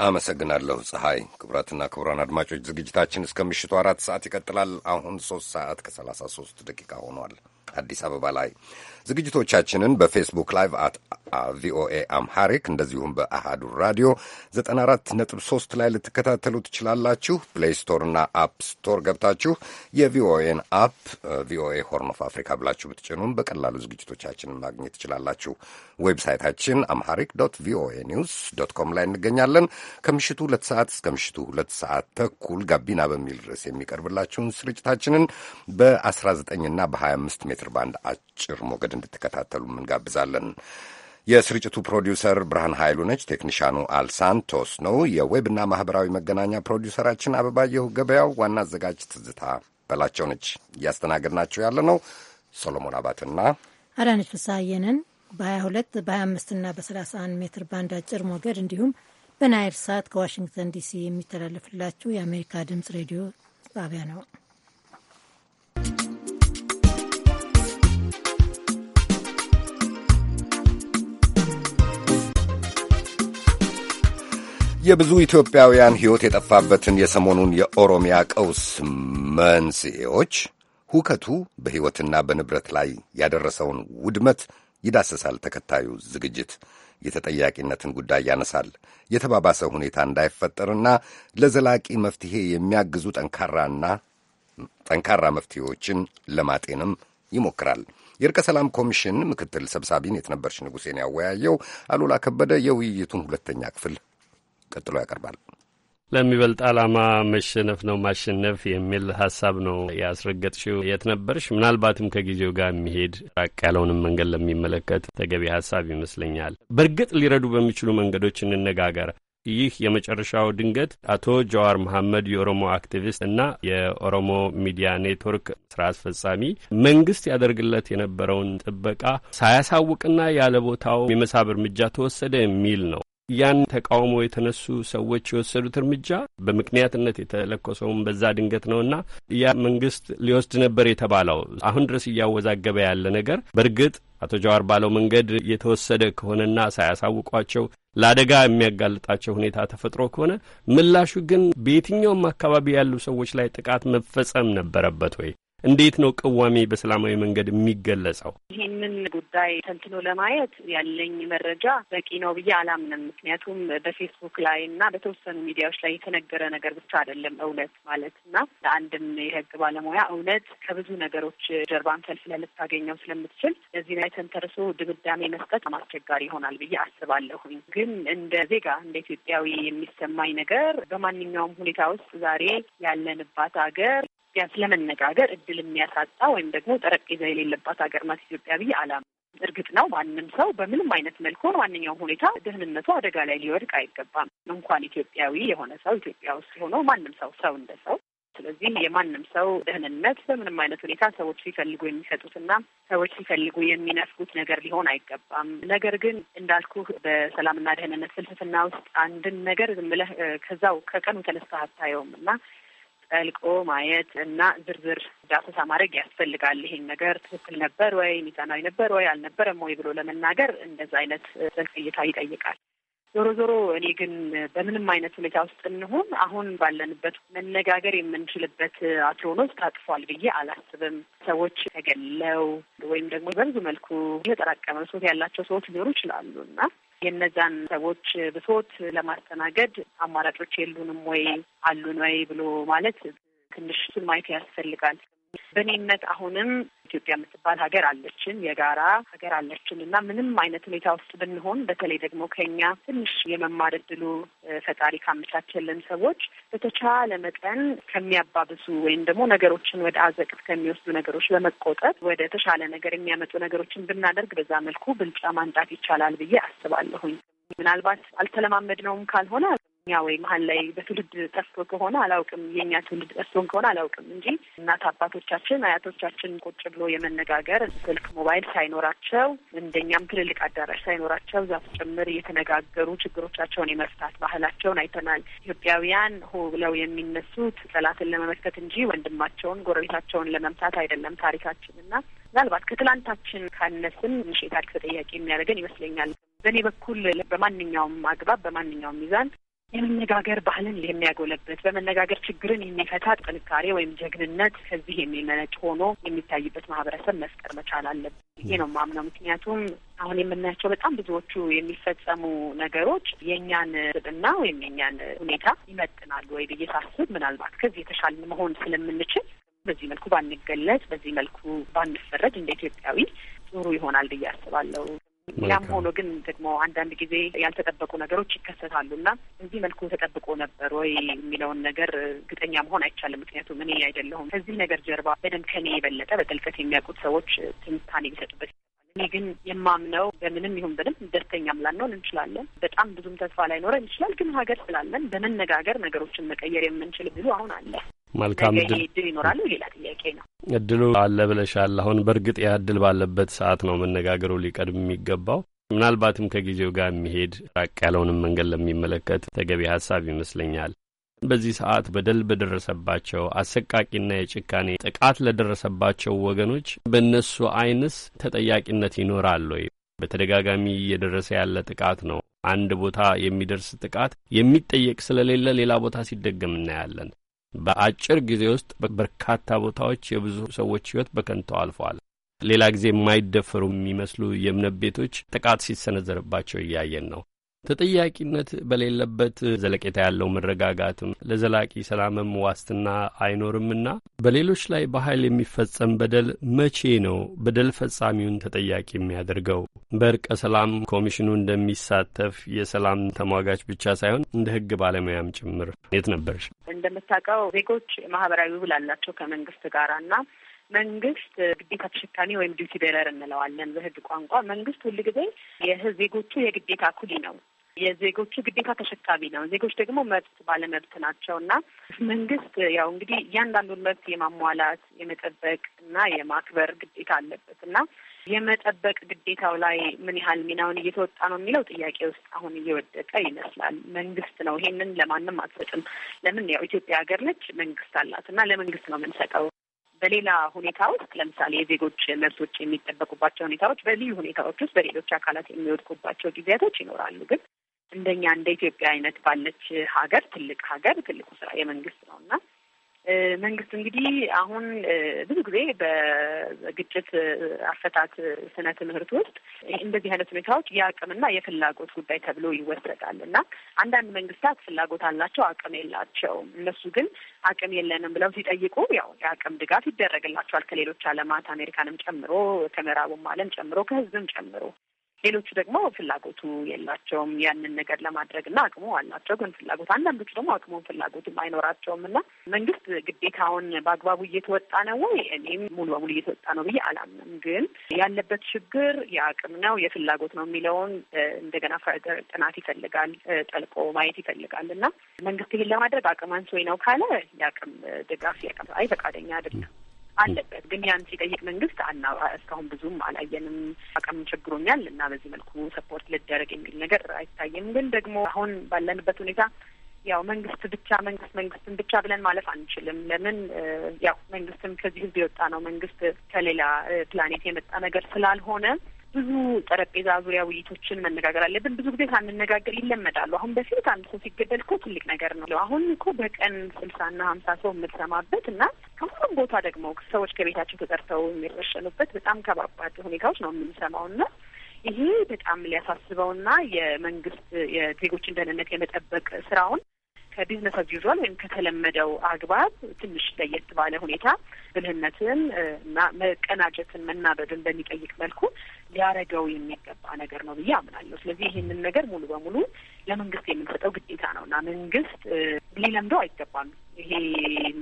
አመሰግናለሁ ፀሐይ። ክቡራትና ክቡራን አድማጮች ዝግጅታችን እስከ ምሽቱ አራት ሰዓት ይቀጥላል። አሁን ሶስት ሰዓት ከሰላሳ ሶስት ደቂቃ ሆኗል አዲስ አበባ ላይ። ዝግጅቶቻችንን በፌስቡክ ላይቭ አት ቪኦኤ አምሃሪክ እንደዚሁም በአሃዱ ራዲዮ 94.3 ላይ ልትከታተሉ ትችላላችሁ። ፕሌይ ስቶርና አፕ ስቶር ገብታችሁ የቪኦኤን አፕ ቪኦኤ ሆርን ኦፍ አፍሪካ ብላችሁ ብትጭኑም በቀላሉ ዝግጅቶቻችንን ማግኘት ትችላላችሁ። ዌብሳይታችን አምሃሪክ ዶት ቪኦኤ ኒውስ ዶት ኮም ላይ እንገኛለን። ከምሽቱ ሁለት ሰዓት እስከ ምሽቱ ሁለት ሰዓት ተኩል ጋቢና በሚል ርዕስ የሚቀርብላችሁን ስርጭታችንን በ19ና በ25 ሜትር ባንድ አጭር ሞገድ እንድትከታተሉም እንጋብዛለን። የስርጭቱ ፕሮዲውሰር ብርሃን ኃይሉ ነች። ቴክኒሻኑ አልሳንቶስ ነው። የዌብና ማኅበራዊ መገናኛ ፕሮዲውሰራችን አበባየሁ ገበያው፣ ዋና አዘጋጅ ትዝታ በላቸው ነች። እያስተናገድናቸው ያለ ነው ሰሎሞን አባትና አዳነች ፍሳየንን በ በ22 በ25ና በ31 ሜትር ባንድ አጭር ሞገድ እንዲሁም በናይል ሳት ከዋሽንግተን ዲሲ የሚተላለፍላችሁ የአሜሪካ ድምፅ ሬዲዮ ጣቢያ ነው። የብዙ ኢትዮጵያውያን ሕይወት የጠፋበትን የሰሞኑን የኦሮሚያ ቀውስ መንስኤዎች፣ ሁከቱ በሕይወትና በንብረት ላይ ያደረሰውን ውድመት ይዳሰሳል። ተከታዩ ዝግጅት የተጠያቂነትን ጉዳይ ያነሳል። የተባባሰ ሁኔታ እንዳይፈጠርና ለዘላቂ መፍትሔ የሚያግዙ ጠንካራና ጠንካራ መፍትሄዎችን ለማጤንም ይሞክራል። የእርቀ ሰላም ኮሚሽን ምክትል ሰብሳቢን የትነበርሽ ንጉሴን ያወያየው አሉላ ከበደ የውይይቱን ሁለተኛ ክፍል ቀጥሎ ያቀርባል። ለሚበልጥ ዓላማ መሸነፍ ነው ማሸነፍ የሚል ሀሳብ ነው ያስረገጥሽው። የት ነበርሽ? ምናልባትም ከጊዜው ጋር የሚሄድ ራቅ ያለውንም መንገድ ለሚመለከት ተገቢ ሀሳብ ይመስለኛል። በእርግጥ ሊረዱ በሚችሉ መንገዶች እንነጋገር። ይህ የመጨረሻው ድንገት አቶ ጀዋር መሐመድ የኦሮሞ አክቲቪስት እና የኦሮሞ ሚዲያ ኔትወርክ ስራ አስፈጻሚ መንግስት ያደርግለት የነበረውን ጥበቃ ሳያሳውቅና ያለ ቦታው የመሳብ እርምጃ ተወሰደ የሚል ነው። ያን ተቃውሞ የተነሱ ሰዎች የወሰዱት እርምጃ በምክንያትነት የተለኮሰውን በዛ ድንገት ነውና ያ መንግስት ሊወስድ ነበር የተባለው አሁን ድረስ እያወዛገበ ያለ ነገር በእርግጥ አቶ ጀዋር ባለው መንገድ የተወሰደ ከሆነና ሳያሳውቋቸው ለአደጋ የሚያጋልጣቸው ሁኔታ ተፈጥሮ ከሆነ ምላሹ ግን በየትኛውም አካባቢ ያሉ ሰዎች ላይ ጥቃት መፈጸም ነበረበት ወይ? እንዴት ነው ቅዋሜ በሰላማዊ መንገድ የሚገለጸው? ይህንን ጉዳይ ተንትኖ ለማየት ያለኝ መረጃ በቂ ነው ብዬ አላምንም። ምክንያቱም በፌስቡክ ላይ እና በተወሰኑ ሚዲያዎች ላይ የተነገረ ነገር ብቻ አይደለም እውነት ማለት እና ለአንድም የህግ ባለሙያ እውነት ከብዙ ነገሮች ጀርባን ፈልፍለ ልታገኘው ስለምትችል ለዚህ ላይ ተንተርሶ ድምዳሜ መስጠት አስቸጋሪ ይሆናል ብዬ አስባለሁኝ። ግን እንደ ዜጋ እንደ ኢትዮጵያዊ የሚሰማኝ ነገር በማንኛውም ሁኔታ ውስጥ ዛሬ ያለንባት ሀገር ቢያንስ ስለመነጋገር እድል የሚያሳጣ ወይም ደግሞ ጠረጴዛ የሌለባት ሀገር ናት ኢትዮጵያ ብዬ አላም እርግጥ ነው ማንም ሰው በምንም አይነት መልኩ ማንኛውም ሁኔታ ደህንነቱ አደጋ ላይ ሊወድቅ አይገባም። እንኳን ኢትዮጵያዊ የሆነ ሰው ኢትዮጵያ ውስጥ ሆኖ ማንም ሰው ሰው እንደ ሰው። ስለዚህ የማንም ሰው ደህንነት በምንም አይነት ሁኔታ ሰዎች ሲፈልጉ የሚሰጡትና ሰዎች ሲፈልጉ የሚነፍጉት ነገር ሊሆን አይገባም። ነገር ግን እንዳልኩ በሰላምና ደህንነት ፍልስፍና ውስጥ አንድን ነገር ዝም ብለህ ከዛው ከቀኑ ተነስተህ አታየውም እና ጠልቆ ማየት እና ዝርዝር ዳሰሳ ማድረግ ያስፈልጋል። ይሄን ነገር ትክክል ነበር ወይ፣ ሚዛናዊ ነበር ወይ፣ አልነበረም ወይ ብሎ ለመናገር እንደዛ አይነት ጥልቅ እይታ ይጠይቃል። ዞሮ ዞሮ እኔ ግን በምንም አይነት ሁኔታ ውስጥ እንሆን አሁን ባለንበት መነጋገር የምንችልበት አትሮኖስ ታጥፏል ብዬ አላስብም። ሰዎች ተገለው ወይም ደግሞ በብዙ መልኩ የተጠራቀመ ሶት ያላቸው ሰዎች ሊኖሩ ይችላሉ እና የእነዛን ሰዎች ብሶት ለማስተናገድ አማራጮች የሉንም ወይ አሉን ወይ ብሎ ማለት ትንሽ እሱን ማየት ያስፈልጋል። በኔነት አሁንም ኢትዮጵያ የምትባል ሀገር አለችን፣ የጋራ ሀገር አለችን እና ምንም አይነት ሁኔታ ውስጥ ብንሆን በተለይ ደግሞ ከኛ ትንሽ የመማር እድሉ ፈጣሪ ካመቻቸልን ሰዎች በተቻለ መጠን ከሚያባብሱ ወይም ደግሞ ነገሮችን ወደ አዘቅት ከሚወስዱ ነገሮች በመቆጠብ ወደ ተሻለ ነገር የሚያመጡ ነገሮችን ብናደርግ በዛ መልኩ ብልጫ ማንጣት ይቻላል ብዬ አስባለሁኝ። ምናልባት አልተለማመድ ነውም ካልሆነ እኛ ወይ መሀል ላይ በትውልድ ጠፍቶ ከሆነ አላውቅም፣ የእኛ ትውልድ ጠፍቶን ከሆነ አላውቅም እንጂ እናት አባቶቻችን አያቶቻችን ቁጭ ብሎ የመነጋገር ስልክ፣ ሞባይል ሳይኖራቸው እንደኛም ትልልቅ አዳራሽ ሳይኖራቸው ዛፍ ጭምር እየተነጋገሩ ችግሮቻቸውን የመፍታት ባህላቸውን አይተናል። ኢትዮጵያውያን ሆ ብለው የሚነሱት ጠላትን ለመመከት እንጂ ወንድማቸውን ጎረቤታቸውን ለመምታት አይደለም። ታሪካችን እና ምናልባት ከትላንታችን ካነስን ምሽ የታሪክ ተጠያቂ የሚያደርገን ይመስለኛል። በእኔ በኩል በማንኛውም አግባብ በማንኛውም ሚዛን የመነጋገር ባህልን የሚያጎለበት በመነጋገር ችግርን የሚፈታ ጥንካሬ ወይም ጀግንነት ከዚህ የሚመነጭ ሆኖ የሚታይበት ማህበረሰብ መፍጠር መቻል አለብን። ይሄ ነው ማምነው። ምክንያቱም አሁን የምናያቸው በጣም ብዙዎቹ የሚፈጸሙ ነገሮች የእኛን ስብዕና ወይም የእኛን ሁኔታ ይመጥናሉ ወይ ብዬ ሳስብ ምናልባት ከዚህ የተሻልን መሆን ስለምንችል በዚህ መልኩ ባንገለጽ፣ በዚህ መልኩ ባንፈረጅ እንደ ኢትዮጵያዊ ጥሩ ይሆናል ብዬ አስባለሁ። ያም ሆኖ ግን ደግሞ አንዳንድ ጊዜ ያልተጠበቁ ነገሮች ይከሰታሉ እና እዚህ መልኩ ተጠብቆ ነበር ወይ የሚለውን ነገር እርግጠኛ መሆን አይቻልም። ምክንያቱም እኔ አይደለሁም ከዚህ ነገር ጀርባ በደንብ ከኔ የበለጠ በጥልቀት የሚያውቁት ሰዎች ትንታኔ ቢሰጡበት እኔ ግን የማምነው በምንም ይሁን በንም ደስተኛም ላንሆን እንችላለን። በጣም ብዙም ተስፋ ላይኖረን ይችላል። ግን ሀገር ስላለን በመነጋገር ነገሮችን መቀየር የምንችል ብዙ አሁን አለ። መልካም እድል ይኖራሉ። ሌላ ጥያቄ ነው። እድሉ አለ ብለሻል። አሁን በእርግጥ ያ እድል ባለበት ሰዓት ነው መነጋገሩ ሊቀድም የሚገባው። ምናልባትም ከጊዜው ጋር የሚሄድ ራቅ ያለውንም መንገድ ለሚመለከት ተገቢ ሀሳብ ይመስለኛል። በዚህ ሰዓት በደል በደረሰባቸው አሰቃቂና የጭካኔ ጥቃት ለደረሰባቸው ወገኖች በእነሱ አይንስ ተጠያቂነት ይኖራል ወይ? በተደጋጋሚ እየደረሰ ያለ ጥቃት ነው። አንድ ቦታ የሚደርስ ጥቃት የሚጠየቅ ስለሌለ ሌላ ቦታ ሲደገም እናያለን። በአጭር ጊዜ ውስጥ በርካታ ቦታዎች የብዙ ሰዎች ህይወት በከንተው አልፏል። ሌላ ጊዜ የማይደፈሩ የሚመስሉ የእምነት ቤቶች ጥቃት ሲሰነዘርባቸው እያየን ነው። ተጠያቂነት በሌለበት ዘለቄታ ያለው መረጋጋትም ለዘላቂ ሰላምም ዋስትና አይኖርምና በሌሎች ላይ በኃይል የሚፈጸም በደል መቼ ነው በደል ፈጻሚውን ተጠያቂ የሚያደርገው? በእርቀ ሰላም ኮሚሽኑ እንደሚሳተፍ የሰላም ተሟጋች ብቻ ሳይሆን እንደ ሕግ ባለሙያም ጭምር የት ነበርሽ? እንደምታውቀው ዜጎች ማህበራዊ ውል አላቸው ከመንግስት ጋር መንግስት ግዴታ ተሸካሚ ወይም ዲዩቲ ቤረር እንለዋለን በህግ ቋንቋ። መንግስት ሁልጊዜ ጊዜ ዜጎቹ የግዴታ ኩሊ ነው። የዜጎቹ ግዴታ ተሸካሚ ነው። ዜጎች ደግሞ መብት ባለመብት ናቸው እና መንግስት ያው እንግዲህ እያንዳንዱን መብት የማሟላት የመጠበቅ እና የማክበር ግዴታ አለበት እና የመጠበቅ ግዴታው ላይ ምን ያህል ሚናውን እየተወጣ ነው የሚለው ጥያቄ ውስጥ አሁን እየወደቀ ይመስላል። መንግስት ነው ይሄንን ለማንም አትሰጥም። ለምን ያው ኢትዮጵያ ሀገር ነች፣ መንግስት አላት እና ለመንግስት ነው የምንሰጠው። በሌላ ሁኔታ ውስጥ ለምሳሌ የዜጎች መብቶች የሚጠበቁባቸው ሁኔታዎች በልዩ ሁኔታዎች ውስጥ በሌሎች አካላት የሚወድቁባቸው ጊዜያቶች ይኖራሉ። ግን እንደኛ እንደ ኢትዮጵያ አይነት ባለች ሀገር ትልቅ ሀገር ትልቁ ስራ የመንግስት ነው እና መንግስት እንግዲህ አሁን ብዙ ጊዜ በግጭት አፈታት ስነ ትምህርት ውስጥ እንደዚህ አይነት ሁኔታዎች የአቅምና የፍላጎት ጉዳይ ተብሎ ይወሰዳል እና አንዳንድ መንግስታት ፍላጎት አላቸው፣ አቅም የላቸውም። እነሱ ግን አቅም የለንም ብለው ሲጠይቁ ያው የአቅም ድጋፍ ይደረግላቸዋል ከሌሎች ዓለማት አሜሪካንም ጨምሮ ከምዕራቡም ዓለም ጨምሮ ከህዝብም ጨምሮ ሌሎቹ ደግሞ ፍላጎቱ የላቸውም ያንን ነገር ለማድረግ እና አቅሙ አላቸው፣ ግን ፍላጎት አንዳንዶቹ ደግሞ አቅሙን ፍላጎትም አይኖራቸውም እና መንግስት ግዴታውን በአግባቡ እየተወጣ ነው ወይ? እኔም ሙሉ በሙሉ እየተወጣ ነው ብዬ አላምንም። ግን ያለበት ችግር የአቅም ነው የፍላጎት ነው የሚለውን እንደገና ፈርደር ጥናት ይፈልጋል፣ ጠልቆ ማየት ይፈልጋል እና መንግስት ይህን ለማድረግ አቅም ወይ ነው ካለ የአቅም ድጋፍ የአቅም አይ ፈቃደኛ አይደለም። አለበት። ግን ያን ሲጠይቅ መንግስት አና እስካሁን ብዙም አላየንም። አቅም ቸግሮኛል እና በዚህ መልኩ ሰፖርት ልደረግ የሚል ነገር አይታየም። ግን ደግሞ አሁን ባለንበት ሁኔታ ያው መንግስት ብቻ መንግስት መንግስትን ብቻ ብለን ማለፍ አንችልም። ለምን ያው መንግስትም ከዚህ ህዝብ የወጣ ነው። መንግስት ከሌላ ፕላኔት የመጣ ነገር ስላልሆነ ብዙ ጠረጴዛ ዙሪያ ውይይቶችን መነጋገር አለብን። ብዙ ጊዜ ሳንነጋገር ይለመዳሉ። አሁን በፊት አንድ ሰው ሲገደል እኮ ትልቅ ነገር ነው። አሁን እኮ በቀን ስልሳና ሀምሳ ሰው የምትሰማበት እና ከሁሉም ቦታ ደግሞ ሰዎች ከቤታቸው ተጠርተው የሚረሸኑበት በጣም ከባባድ ሁኔታዎች ነው የምንሰማው እና ይሄ በጣም ሊያሳስበውና የመንግስት የዜጎችን ደህንነት የመጠበቅ ስራውን ከቢዝነስ አዝ ዩዥዋል ወይም ከተለመደው አግባብ ትንሽ ለየት ባለ ሁኔታ ብልህነትን እና መቀናጀትን መናበብን በሚጠይቅ መልኩ ሊያረገው የሚገባ ነገር ነው ብዬ አምናለሁ። ስለዚህ ይህንን ነገር ሙሉ በሙሉ ለመንግስት የምንሰጠው ግዴታ ነው እና መንግስት ሊለምደው አይገባም። ይሄ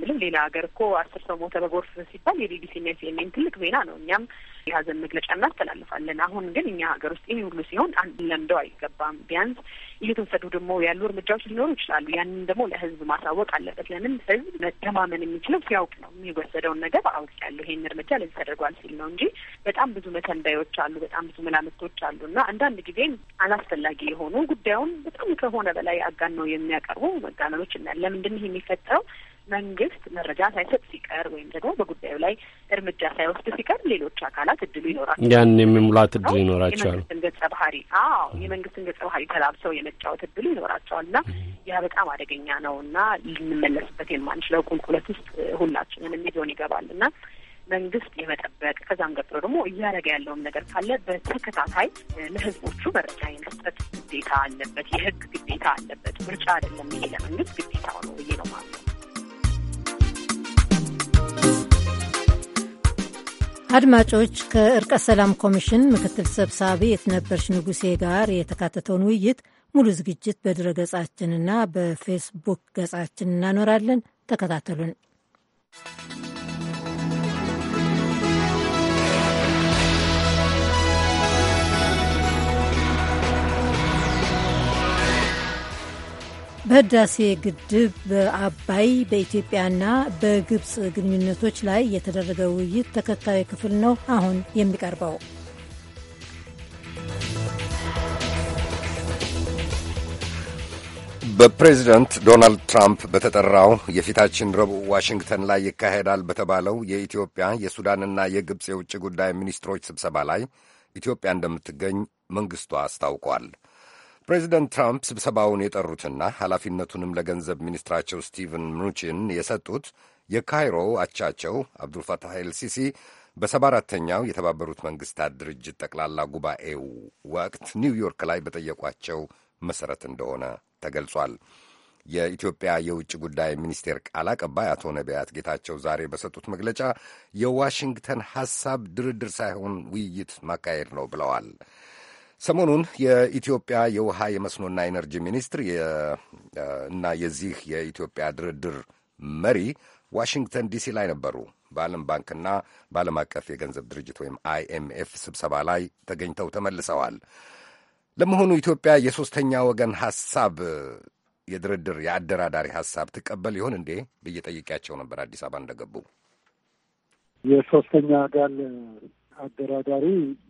ምንም ሌላ ሀገር እኮ አስር ሰው ሞተ በጎርፍ ሲባል የቢቢሲና የሲኤንኤን ትልቅ ዜና ነው። እኛም የሀዘን መግለጫ እናስተላልፋለን። አሁን ግን እኛ ሀገር ውስጥ ይህ ሁሉ ሲሆን አንድ ለምደው አይገባም። ቢያንስ እየተወሰዱ ደግሞ ያሉ እርምጃዎች ሊኖሩ ይችላሉ። ያንን ደግሞ ለህዝብ ማሳወቅ አለበት። ለምን ህዝብ መተማመን የሚችለው ሲያውቅ ነው። የሚወሰደውን ነገር አውቅ ያለሁ ይሄን እርምጃ ለዚህ ተደርጓል ሲል ነው እንጂ በጣም ብዙ መተንበዮች አሉ፣ በጣም ብዙ መላምቶች አሉ እና አንዳንድ ጊዜም አላስፈላጊ የሆኑ ጉዳዩን በጣም ከሆነ በላይ አጋን ነው የሚያቀርቡ መጋነኖች እናያለን። ለምንድን ይህ የሚፈጠረው? መንግስት መረጃ ሳይሰጥ ሲቀር ወይም ደግሞ በጉዳዩ ላይ እርምጃ ሳይወስድ ሲቀር ሌሎች አካላት እድሉ ይኖራቸዋል። ያን የሚሙላት እድሉ ይኖራቸዋል። የመንግስትን ገጸ ባህሪ አዎ፣ የመንግስትን ገጸ ባህሪ ተላብሰው የመጫወት እድሉ ይኖራቸዋል እና ያ በጣም አደገኛ ነው እና ልንመለስበት የማንችለው ቁልቁለት ውስጥ ሁላችንን የሚዞን ይገባል እና መንግስት የመጠበቅ ከዛም ቀጥሎ ደግሞ እያደረገ ያለውም ነገር ካለ በተከታታይ ለህዝቦቹ መረጃ የመስጠት ግዴታ አለበት። የህግ ግዴታ አለበት። ምርጫ አይደለም ይሄ ለመንግስት ግዴታ ነው ብዬ ነው ማለት ነው። አድማጮች ከእርቀ ሰላም ኮሚሽን ምክትል ሰብሳቢ የትነበርሽ ንጉሴ ጋር የተካተተውን ውይይት ሙሉ ዝግጅት ገጻችንና በፌስቡክ ገጻችን እናኖራለን። ተከታተሉን። በህዳሴ ግድብ በአባይ በኢትዮጵያና በግብፅ ግንኙነቶች ላይ የተደረገ ውይይት ተከታዩ ክፍል ነው አሁን የሚቀርበው። በፕሬዚደንት ዶናልድ ትራምፕ በተጠራው የፊታችን ረቡዕ ዋሽንግተን ላይ ይካሄዳል በተባለው የኢትዮጵያ የሱዳንና የግብፅ የውጭ ጉዳይ ሚኒስትሮች ስብሰባ ላይ ኢትዮጵያ እንደምትገኝ መንግሥቷ አስታውቋል። ፕሬዚደንት ትራምፕ ስብሰባውን የጠሩትና ኃላፊነቱንም ለገንዘብ ሚኒስትራቸው ስቲቨን ምኑቺን የሰጡት የካይሮ አቻቸው አብዱልፈታህ ኤልሲሲ በሰባ አራተኛው የተባበሩት መንግስታት ድርጅት ጠቅላላ ጉባኤው ወቅት ኒውዮርክ ላይ በጠየቋቸው መሠረት እንደሆነ ተገልጿል። የኢትዮጵያ የውጭ ጉዳይ ሚኒስቴር ቃል አቀባይ አቶ ነቢያት ጌታቸው ዛሬ በሰጡት መግለጫ የዋሽንግተን ሐሳብ ድርድር ሳይሆን ውይይት ማካሄድ ነው ብለዋል። ሰሞኑን የኢትዮጵያ የውሃ የመስኖና ኤነርጂ ሚኒስትር እና የዚህ የኢትዮጵያ ድርድር መሪ ዋሽንግተን ዲሲ ላይ ነበሩ። በዓለም ባንክና በዓለም አቀፍ የገንዘብ ድርጅት ወይም አይኤምኤፍ ስብሰባ ላይ ተገኝተው ተመልሰዋል። ለመሆኑ ኢትዮጵያ የሦስተኛ ወገን ሐሳብ የድርድር የአደራዳሪ ሐሳብ ትቀበል ይሆን እንዴ ብዬ ጠይቄያቸው ነበር አዲስ አበባ እንደገቡ የሶስተኛ ወገን አደራዳሪ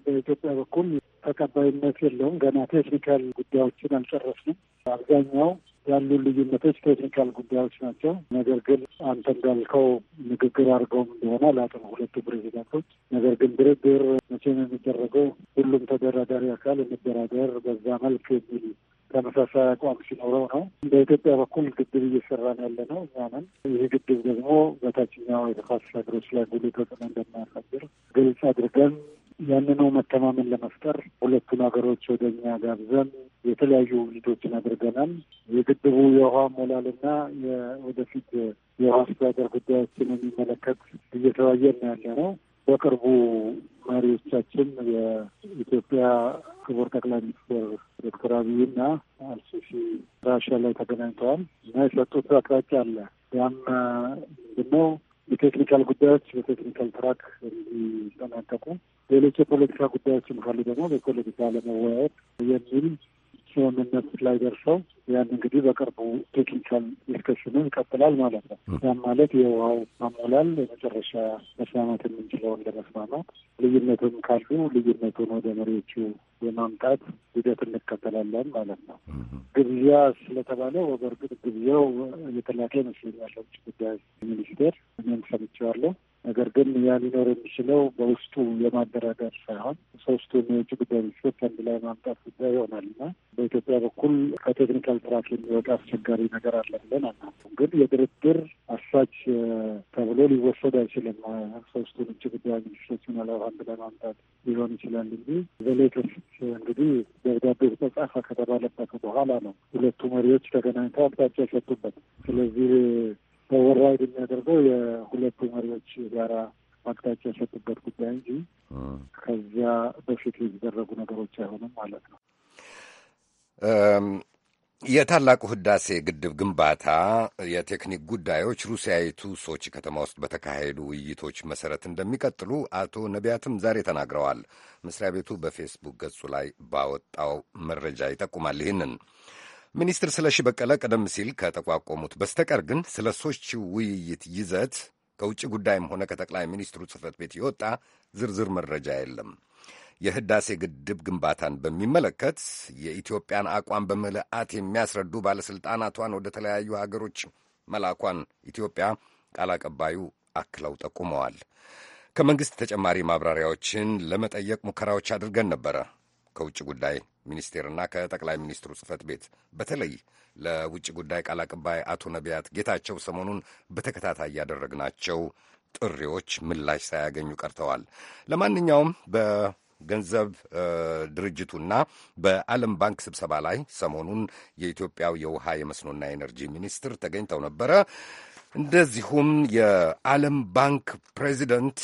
በኢትዮጵያ በኩል ተቀባይነት የለውም። ገና ቴክኒካል ጉዳዮችን አልጨረስንም። አብዛኛው ያሉ ልዩነቶች ቴክኒካል ጉዳዮች ናቸው። ነገር ግን አንተ እንዳልከው ንግግር አድርገውም እንደሆነ አላውቅም ሁለቱ ፕሬዚዳንቶች። ነገር ግን ድርድር መቼም የሚደረገው ሁሉም ተደራዳሪ አካል እንደራደር በዛ መልክ የሚል ተመሳሳይ አቋም ሲኖረው ነው። በኢትዮጵያ በኩል ግድብ እየሰራን ያለ ነው እኛንም ይህ ግድብ ደግሞ በታችኛው የተፋሰስ ሀገሮች ላይ ጉልህ ተጽዕኖ እንደማያሳድር ግልጽ አድርገን ያንኑ መተማመን ለመፍጠር ሁለቱን ሀገሮች ወደ እኛ ጋብዘን የተለያዩ ውይይቶችን አድርገናል። የግድቡ የውሃ ሞላልና የወደፊት የውሃ አስተዳደር ጉዳዮችን የሚመለከት እየተወያየን ያለ ነው። በቅርቡ መሪዎቻችን የኢትዮጵያ ክቡር ጠቅላይ ሚኒስትር ዶክተር አብይና አልሲሲ ራሽያ ላይ ተገናኝተዋል እና የሰጡት አቅጣጫ አለ። ያም ምንድነው? የቴክኒካል ጉዳዮች በቴክኒካል ትራክ እንዲጠናቀቁ፣ ሌሎች የፖለቲካ ጉዳዮች ካሉ ደግሞ በፖለቲካ ለመወያየት የሚል ስምምነት ላይ ደርሰው ያን እንግዲህ በቅርቡ ቴክኒካል ዲስከሽኑ ይቀጥላል ማለት ነው። ያም ማለት የውሃው አሞላል የመጨረሻ መስማማት የምንችለውን ለመስማማት ልዩነቱም ካሉ ልዩነቱን ወደ መሪዎቹ የማምጣት ሂደት እንከተላለን ማለት ነው። ግብዣ ስለተባለው በእርግጥ ግብዣው የተላከ ይመስለኛል ውጭ ጉዳይ ሚኒስቴር እኔም ሰምቼዋለሁ። ነገር ግን ያ ሊኖር የሚችለው በውስጡ የማደራደር ሳይሆን ሶስቱን የውጭ ጉዳይ ሚኒስትሮች አንድ ላይ ማምጣት ጉዳይ ይሆናል እና በኢትዮጵያ በኩል ከቴክኒካል ትራክ የሚወጣ አስቸጋሪ ነገር አለ ብለን አናምንም። ግን የድርድር አሳች ተብሎ ሊወሰድ አይችልም። ሶስቱን ውጭ ጉዳይ ሚኒስትሮች ምናልባት አንድ ላይ ማምጣት ሊሆን ይችላል እንጂ በሌተስት እንግዲህ ደብዳቤ ተጻፈ ከተባለበት በኋላ ነው ሁለቱ መሪዎች ተገናኝተው አቅጣጫ የሰጡበት። ስለዚህ ተወራይድ የሚያደርገው የሁለቱ መሪዎች የጋራ አቅጣጫ የሰጡበት ጉዳይ እንጂ ከዚያ በፊት የተደረጉ ነገሮች አይሆንም ማለት ነው። የታላቁ ህዳሴ ግድብ ግንባታ የቴክኒክ ጉዳዮች ሩሲያዊቱ ሶቺ ከተማ ውስጥ በተካሄዱ ውይይቶች መሰረት እንደሚቀጥሉ አቶ ነቢያትም ዛሬ ተናግረዋል። መስሪያ ቤቱ በፌስቡክ ገጹ ላይ ባወጣው መረጃ ይጠቁማል ይህንን ሚኒስትር ስለሺ በቀለ ቀደም ሲል ከተቋቋሙት በስተቀር ግን ስለ ሶስት ውይይት ይዘት ከውጭ ጉዳይም ሆነ ከጠቅላይ ሚኒስትሩ ጽህፈት ቤት የወጣ ዝርዝር መረጃ የለም። የህዳሴ ግድብ ግንባታን በሚመለከት የኢትዮጵያን አቋም በምልአት የሚያስረዱ ባለሥልጣናቷን ወደ ተለያዩ ሀገሮች መላኳን ኢትዮጵያ ቃል አቀባዩ አክለው ጠቁመዋል። ከመንግሥት ተጨማሪ ማብራሪያዎችን ለመጠየቅ ሙከራዎች አድርገን ነበረ። ከውጭ ጉዳይ ሚኒስቴርና ከጠቅላይ ሚኒስትሩ ጽህፈት ቤት በተለይ ለውጭ ጉዳይ ቃል አቀባይ አቶ ነቢያት ጌታቸው ሰሞኑን በተከታታይ ያደረግናቸው ጥሪዎች ምላሽ ሳያገኙ ቀርተዋል። ለማንኛውም በገንዘብ ድርጅቱና በዓለም ባንክ ስብሰባ ላይ ሰሞኑን የኢትዮጵያው የውሃ የመስኖና ኤነርጂ ሚኒስትር ተገኝተው ነበረ። እንደዚሁም የዓለም ባንክ ፕሬዚደንት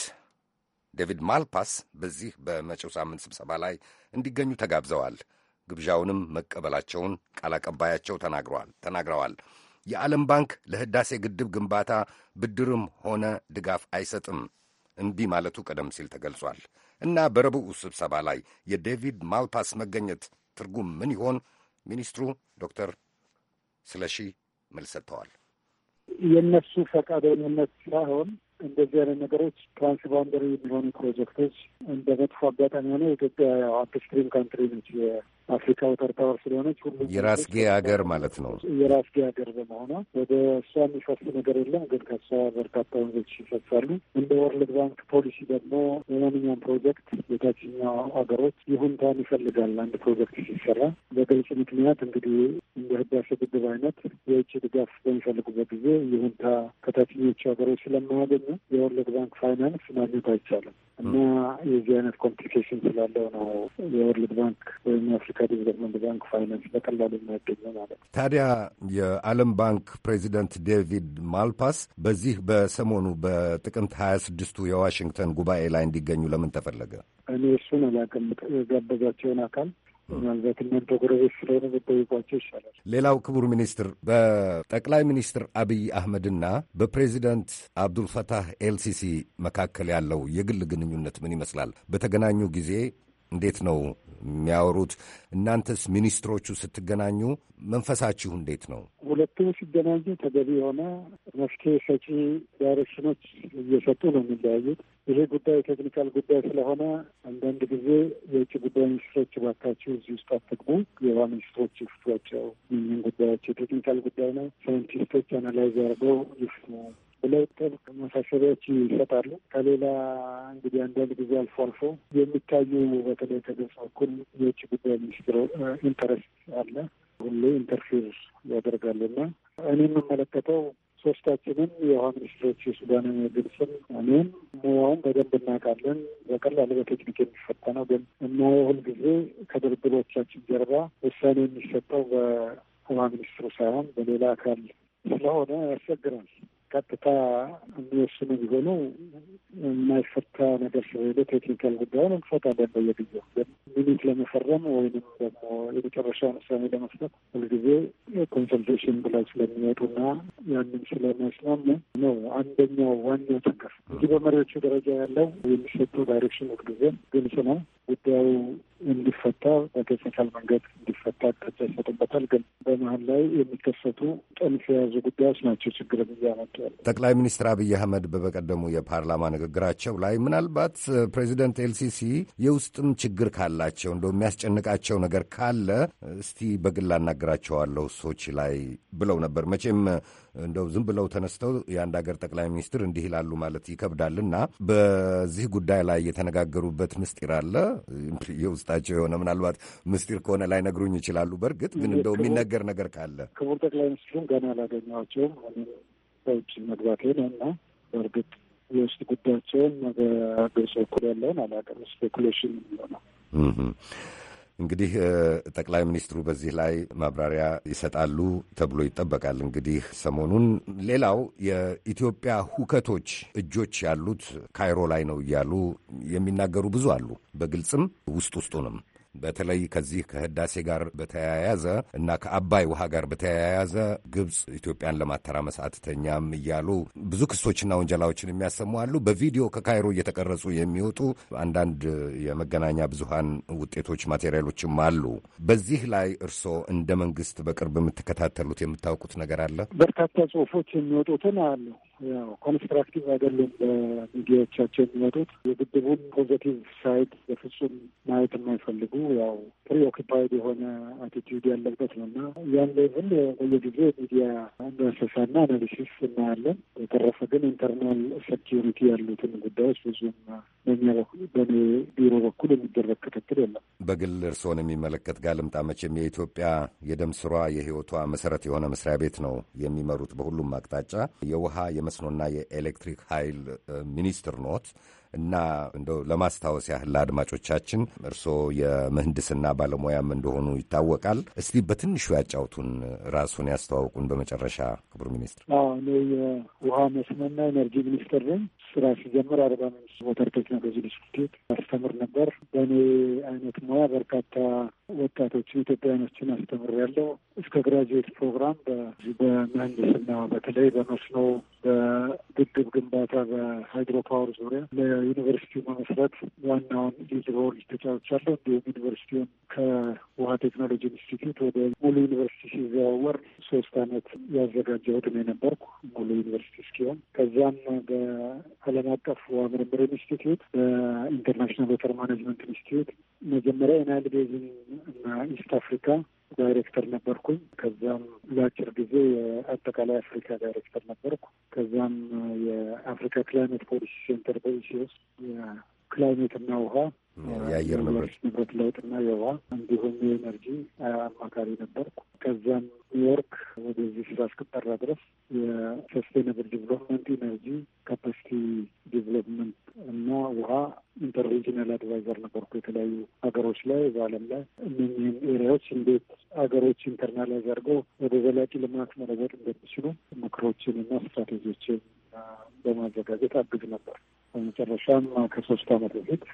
ዴቪድ ማልፓስ በዚህ በመጪው ሳምንት ስብሰባ ላይ እንዲገኙ ተጋብዘዋል። ግብዣውንም መቀበላቸውን ቃል አቀባያቸው ተናግረዋል። የዓለም ባንክ ለህዳሴ ግድብ ግንባታ ብድርም ሆነ ድጋፍ አይሰጥም እምቢ ማለቱ ቀደም ሲል ተገልጿል እና በረቡዑ ስብሰባ ላይ የዴቪድ ማልፓስ መገኘት ትርጉም ምን ይሆን? ሚኒስትሩ ዶክተር ስለሺ መልስ ሰጥተዋል። የእነሱ ፈቃደኝነት ሳይሆን እንደዚህ አይነት ነገሮች ትራንስባውንደሪ የሚሆኑ ፕሮጀክቶች እንደ መጥፎ አጋጣሚ ሆነ ኢትዮጵያ አዲስ ድሪም ካንትሪ ነች አፍሪካ ወተር ታወር ስለሆነች ሁሉ የራስጌ ሀገር ማለት ነው። የራስጌ ሀገር በመሆኗ ወደ እሷ የሚፈስ ነገር የለም፣ ግን ከእሷ በርካታ ወንዞች ይፈሳሉ። እንደ ወርልድ ባንክ ፖሊሲ ደግሞ የማንኛውም ፕሮጀክት የታችኛው ሀገሮች ይሁንታን ይፈልጋል። አንድ ፕሮጀክት ሲሰራ በግልጽ ምክንያት እንግዲህ እንደ ህዳሴ ግድብ አይነት የውጭ ድጋፍ በሚፈልጉበት ጊዜ ይሁንታ ከታችኞቹ ሀገሮች ስለማያገኙ የወርልድ ባንክ ፋይናንስ ማግኘት አይቻልም እና የዚህ አይነት ኮምፕሊኬሽን ስላለው ነው የወርልድ ባንክ ወይም ከዲቨሎፕመንት ባንክ ፋይናንስ በቀላሉ የማያገኝ ነው ማለት ነው። ታዲያ የዓለም ባንክ ፕሬዚደንት ዴቪድ ማልፓስ በዚህ በሰሞኑ በጥቅምት ሀያ ስድስቱ የዋሽንግተን ጉባኤ ላይ እንዲገኙ ለምን ተፈለገ? እኔ እሱን አላውቅም። ጋበዛቸውን አካል ምናልባት እናንተ ጎረቤት ስለሆነ ብጠይቋቸው ይሻላል። ሌላው ክቡር ሚኒስትር በጠቅላይ ሚኒስትር አብይ አህመድና በፕሬዚደንት አብዱልፈታህ ኤልሲሲ መካከል ያለው የግል ግንኙነት ምን ይመስላል? በተገናኙ ጊዜ እንዴት ነው የሚያወሩት። እናንተስ ሚኒስትሮቹ ስትገናኙ መንፈሳችሁ እንዴት ነው? ሁለቱም ሲገናኙ ተገቢ የሆነ መፍትሄ ሰጪ ዳይሬክሽኖች እየሰጡ ነው የሚለያዩት። ይሄ ጉዳይ ቴክኒካል ጉዳይ ስለሆነ አንዳንድ ጊዜ የውጭ ጉዳይ ሚኒስትሮች እባካችሁ እዚህ ውስጥ አትግቡ፣ የውሃ ሚኒስትሮች ይፍቷቸው። ይህን ጉዳዮች የቴክኒካል ጉዳይ ነው፣ ሳይንቲስቶች አናላይዝ አድርገው ይፍቱ ለውጥን ማሳሰቢያዎች ይሰጣሉ። ከሌላ እንግዲህ አንዳንድ ጊዜ አልፎ አልፎ የሚታዩ በተለይ ከግብጽ በኩል የውጭ ጉዳይ ሚኒስትሩ ኢንተረስት አለ ሁሌ ኢንተርፌር ያደርጋሉ ያደርጋሉና እኔ የምመለከተው ሶስታችንም የውሃ ሚኒስትሮች የሱዳንን፣ የግብፅም እኔም ሙያውን በደንብ እናውቃለን። በቀላሉ በቴክኒክ የሚፈታ ነው። ግን እናየው ሁልጊዜ ከድርድሮቻችን ጀርባ ውሳኔ የሚሰጠው በውሃ ሚኒስትሩ ሳይሆን በሌላ አካል ስለሆነ ያስቸግራል። ቀጥታ የሚወስኑ ቢሆኑ የማይፈታ ነገር ስለሆነ ቴክኒካል ጉዳዩን እንፈታለን። በየጊዜው ሚኒት ለመፈረም ወይም ደግሞ የመጨረሻውን ውሳኔ ለመስጠት ሁልጊዜ ኮንሰልቴሽን ብለው ስለሚወጡና ያንን ስለማይስማሙ ነው አንደኛው ዋናው ችግር እንጂ በመሪዎቹ ደረጃ ያለው የሚሰጡ ዳይሬክሽን ሁልጊዜ ግልጽ ነው። ጉዳዩ እንዲፈታ በቴክኒካል መንገድ እንዲፈታ አቅጣጫ ይሰጥበታል። ግን በመሀል ላይ የሚከሰቱ ጥልፍ የያዙ ጉዳዮች ናቸው ችግር እያመጡ ያለ። ጠቅላይ ሚኒስትር አብይ አህመድ በበቀደሙ የፓርላማ ንግግራቸው ላይ ምናልባት ፕሬዚደንት ኤልሲሲ የውስጥም ችግር ካላቸው እንደ የሚያስጨንቃቸው ነገር ካለ እስቲ በግል አናግራቸዋለሁ ሶች ላይ ብለው ነበር መቼም እንደው ዝም ብለው ተነስተው የአንድ ሀገር ጠቅላይ ሚኒስትር እንዲህ ይላሉ ማለት ይከብዳል እና በዚህ ጉዳይ ላይ የተነጋገሩበት ምስጢር አለ። የውስጣቸው የሆነ ምናልባት ምስጢር ከሆነ ላይ ነግሩኝ ይችላሉ። በእርግጥ ግን እንደው የሚነገር ነገር ካለ ክቡር ጠቅላይ ሚኒስትሩም ገና አላገኘኋቸውም በውጭ መግባቴ ነው እና በእርግጥ የውስጥ ጉዳያቸውን በግብጽ በኩል ያለውን አላውቅም። ስፔኩሌሽን ነው እንግዲህ ጠቅላይ ሚኒስትሩ በዚህ ላይ ማብራሪያ ይሰጣሉ ተብሎ ይጠበቃል። እንግዲህ ሰሞኑን ሌላው የኢትዮጵያ ሁከቶች እጆች ያሉት ካይሮ ላይ ነው እያሉ የሚናገሩ ብዙ አሉ። በግልጽም ውስጥ ውስጡንም በተለይ ከዚህ ከህዳሴ ጋር በተያያዘ እና ከአባይ ውሃ ጋር በተያያዘ ግብፅ ኢትዮጵያን ለማተራመስ አትተኛም እያሉ ብዙ ክሶችና ወንጀላዎችን የሚያሰሙ አሉ። በቪዲዮ ከካይሮ እየተቀረጹ የሚወጡ አንዳንድ የመገናኛ ብዙሃን ውጤቶች፣ ማቴሪያሎችም አሉ። በዚህ ላይ እርስዎ እንደ መንግስት በቅርብ የምትከታተሉት የምታውቁት ነገር አለ? በርካታ ጽሁፎች የሚወጡትን አሉ ያው ኮንስትራክቲቭ አይደሉም። በሚዲያዎቻቸው የሚመጡት የግድቡን ፖዘቲቭ ሳይድ በፍጹም ማየት የማይፈልጉ ያው ፕሪ ኦኪፓይድ የሆነ አቲቲዩድ ያለበት ነው እና ያን ሌቭል በየጊዜ ሚዲያ ና አናሊሲስ እናያለን። በተረፈ ግን ኢንተርናል ሴኪሪቲ ያሉትን ጉዳዮች ብዙም በእኛ በኩል ቢሮ በኩል የሚደረግ ክትትል የለም። በግል እርስዎን የሚመለከት ጋር መቼም የኢትዮጵያ የደም ስሯ የህይወቷ መሰረት የሆነ መስሪያ ቤት ነው የሚመሩት በሁሉም አቅጣጫ የውሃ የመስኖና የኤሌክትሪክ ኃይል ሚኒስትር ኖት እና እንደው ለማስታወስ ያህል ለአድማጮቻችን እርስዎ የምህንድስና ባለሙያም እንደሆኑ ይታወቃል። እስቲ በትንሹ ያጫውቱን፣ ራሱን ያስተዋውቁን በመጨረሻ ክቡር ሚኒስትር። እኔ የውሃ መስኖና ኤነርጂ ሚኒስትር ነኝ። ስራ ሲጀምር አርባ ምንጭ ሞተር ቴክኖሎጂ ኢንስቲትዩት አስተምር ነበር። በእኔ አይነት ሙያ በርካታ ወጣቶችን ኢትዮጵያውያኖችን ያለው እስከ ግራጁዌት ፕሮግራም በምህንድስና በተለይ በመስኖ፣ በግድብ ግንባታ፣ በሃይድሮ ፓወር ዙሪያ ለዩኒቨርሲቲው መመስረት ዋናውን ሊድ ሮል ተጫውቻለሁ። እንዲሁም ዩኒቨርሲቲውን ከውሃ ቴክኖሎጂ ኢንስቲትዩት ወደ ሙሉ ዩኒቨርሲቲ ሲዘዋወር ሶስት አመት ያዘጋጀሁት እኔ ነበርኩ ሙሉ ዩኒቨርሲቲ እስኪሆን ከዛም ዓለም አቀፍ ውሃ ምርምር ኢንስቲትዩት በኢንተርናሽናል ወተር ማኔጅመንት ኢንስቲትዩት መጀመሪያ የናይል ቤዝን እና ኢስት አፍሪካ ዳይሬክተር ነበርኩኝ። ከዛም ለአጭር ጊዜ የአጠቃላይ አፍሪካ ዳይሬክተር ነበርኩ። ከዛም የአፍሪካ ክላይሜት ፖሊሲ ሴንተር ፖሊሲ ውስጥ የክላይሜት እና ውሃ የአየር ንብረት ንብረት ለውጥና የውሃ እንዲሁም የኤነርጂ አማካሪ ነበርኩ። ከዛም ኒውዮርክ ወደዚህ ስራ እስክጠራ ድረስ የሰስቴናብል ዲቨሎፕመንት ኢነርጂ ካፓሲቲ በተለያዩ ሀገሮች ላይ በዓለም ላይ እነዚህም ኤሪያዎች እንዴት ሀገሮች ኢንተርናላይዝ አድርገው ወደ ዘላቂ ልማት መለወጥ እንደሚችሉ ምክሮችን እና ስትራቴጂዎችን በማዘጋጀት አግዝ ነበር። በመጨረሻም ከሶስት ዓመት በፊት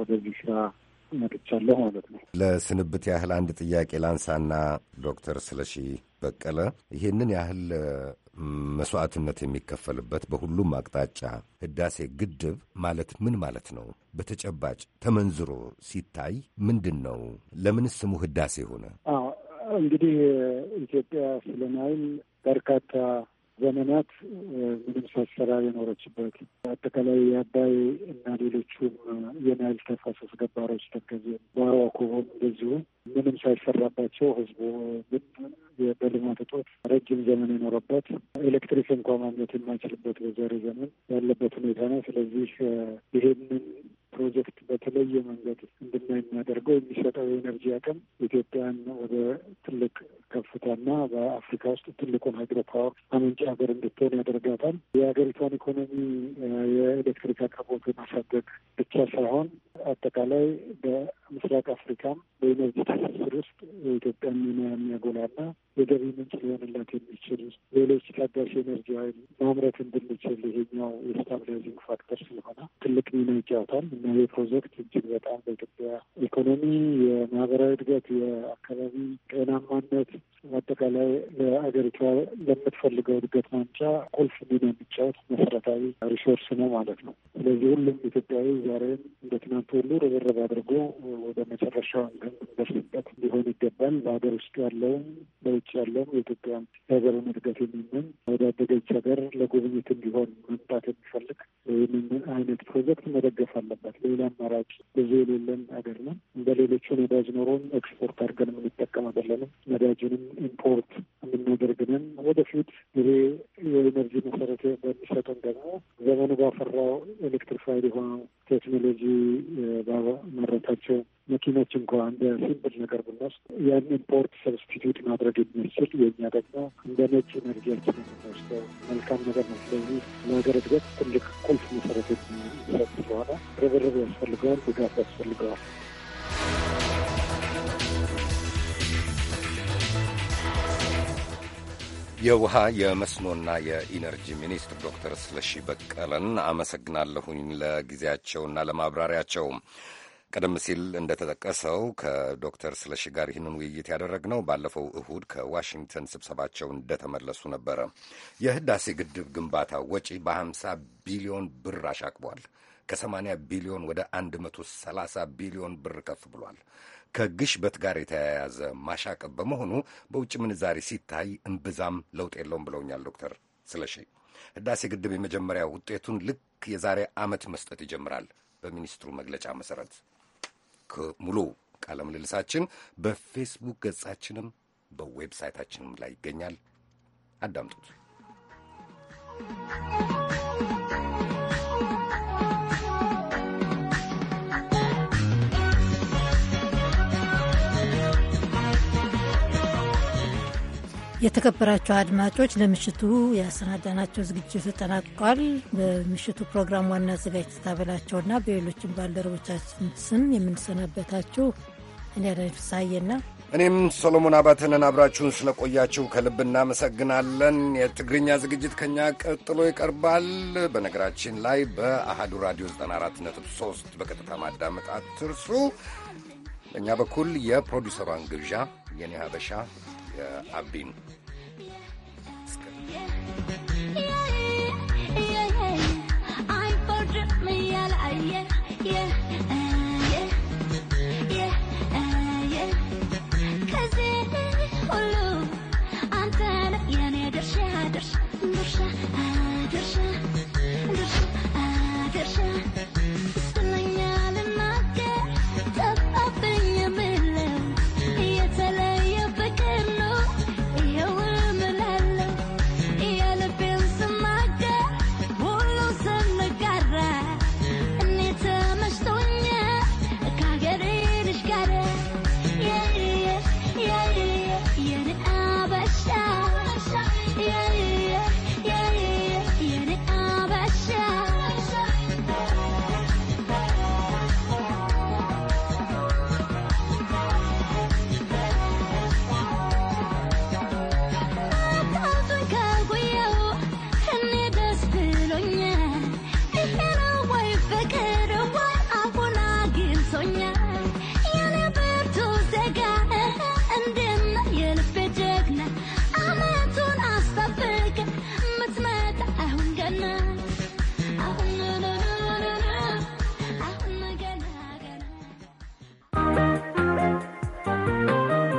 ወደዚህ ስራ መጥቻለሁ ማለት ነው። ለስንብት ያህል አንድ ጥያቄ ላንሳና ዶክተር ስለሺ በቀለ ይሄንን ያህል መስዋዕትነት የሚከፈልበት በሁሉም አቅጣጫ ህዳሴ ግድብ ማለት ምን ማለት ነው? በተጨባጭ ተመንዝሮ ሲታይ ምንድን ነው? ለምንስ ስሙ ህዳሴ ሆነ? እንግዲህ ኢትዮጵያ ስለ ናይል በርካታ ዘመናት ምንም ሳትሰራ የኖረችበት አጠቃላይ የአባይ እና ሌሎቹም የናይል ተፋሰስ ገባሮች ተከዜ፣ ቧሮ፣ አኮቦም እንደዚሁ ምንም ሳይሰራባቸው ህዝቡ በልማት እጦት ረጅም ዘመን የኖረበት ኤሌክትሪክ እንኳ ማግኘት የማይችልበት በዛሬ ዘመን ያለበት ሁኔታ ነው። ስለዚህ ይሄንን ፕሮጀክት በተለየ መንገድ እንድናይ የሚያደርገው የሚሰጠው የኤነርጂ አቅም ኢትዮጵያን ወደ ትልቅ ከፍታና በአፍሪካ ውስጥ ትልቁን ሃይድሮ ፓወር አመንጭ ሀገር እንድትሆን ያደርጋታል። የሀገሪቷን ኢኮኖሚ የኤሌክትሪክ አቅርቦት ማሳደግ ብቻ ሳይሆን አጠቃላይ በምስራቅ አፍሪካም በኤነርጂ ትስስር ውስጥ የኢትዮጵያን ሚና የሚያጎላና የገቢ ምንጭ ሊሆንላት የሚችል ሌሎች ታዳሽ ኤነርጂ ኃይል ማምረት እንድንችል ይሄኛው የስታብላይዚንግ ፋክተር ስለሆነ ትልቅ ሚና ይጫወታል እና ይህ ፕሮጀክት እጅግ በጣም በኢትዮጵያ ኢኮኖሚ፣ የማህበራዊ እድገት፣ የአካባቢ ጤናማነት አጠቃላይ ለአገሪቷ ለምትፈልገው እድገት ማምጫ ቁልፍ ሚና የሚጫወት መሰረታዊ ሪሶርስ ነው ማለት ነው። ስለዚህ ሁሉም ኢትዮጵያዊ ዛሬም እንደ ትናንቱ ሁሉ ርብርብ አድርጎ መጨረሻውን በፍጥነት ሊሆን ይገባል። በሀገር ውስጥ ያለውም በውጭ ያለውም የኢትዮጵያ የሀገርን እድገት የሚመኝ ወዳደገች ሀገር ለጉብኝት እንዲሆን መምጣት የሚፈልግ ይህንን አይነት ፕሮጀክት መደገፍ አለበት። ሌላ አማራጭ ብዙ የሌለን ሀገር ነው። እንደ ሌሎቹ ነዳጅ ኖሮን ኤክስፖርት አድርገን የምንጠቀም አይደለንም። ነዳጅንም ኢምፖርት የምናደርግንን ወደፊት ይሄ የኤነርጂ መሰረት በሚሰጠን ደግሞ ዘመኑ ባፈራው ኤሌክትሪፋይድ የሆነው ቴክኖሎጂ መኪኖች እንኳን እንደ ሲምፕል ነገር ብንወስድ ያን ኢምፖርት ሰብስቲቱት ማድረግ የሚችል የእኛ ደግሞ እንደ ነጭ ኤነርጂያችን የምንወስደው መልካም ነገር ነው። ስለዚህ ለሀገር እድገት ትልቅ ቁልፍ መሰረት የሚሰጥ ስለሆነ ርብርብ ያስፈልገዋል፣ ድጋፍ ያስፈልገዋል። የውሃ የመስኖና የኢነርጂ ሚኒስትር ዶክተር ስለሺ በቀለን አመሰግናለሁኝ ለጊዜያቸውና ለማብራሪያቸው። ቀደም ሲል እንደተጠቀሰው ከዶክተር ስለሺ ጋር ይህንን ውይይት ያደረግነው ባለፈው እሁድ ከዋሽንግተን ስብሰባቸው እንደተመለሱ ነበረ። የህዳሴ ግድብ ግንባታ ወጪ በ50 ቢሊዮን ብር አሻቅቧል። ከ80 ቢሊዮን ወደ 130 ቢሊዮን ብር ከፍ ብሏል። ከግሽበት ጋር የተያያዘ ማሻቀብ በመሆኑ በውጭ ምንዛሪ ሲታይ እምብዛም ለውጥ የለውም ብለውኛል ዶክተር ስለሺ። ህዳሴ ግድብ የመጀመሪያ ውጤቱን ልክ የዛሬ ዓመት መስጠት ይጀምራል በሚኒስትሩ መግለጫ መሰረት ሙሉ ቃለ ምልልሳችን በፌስቡክ ገጻችንም በዌብሳይታችንም ላይ ይገኛል። አዳምጡት። የተከበራቸው አድማጮች ለምሽቱ ያሰናዳናቸው ዝግጅት ተጠናቋል። በምሽቱ ፕሮግራም ዋና አዘጋጅ ተታበላቸውና በሌሎችም ባልደረቦቻችን ስም የምንሰናበታችሁ እኔ አዳነች ፍስሐዬና እኔም ሰሎሞን አባተንን አብራችሁን ስለቆያችሁ ከልብ እናመሰግናለን። የትግርኛ ዝግጅት ከኛ ቀጥሎ ይቀርባል። በነገራችን ላይ በአሃዱ ራዲዮ 94.3 በቀጥታ ማዳመጥ አትርሱ። በእኛ በኩል የፕሮዲሰሯን ግብዣ የኔ ሀበሻ uh, I've been. Yeah, yeah, yeah,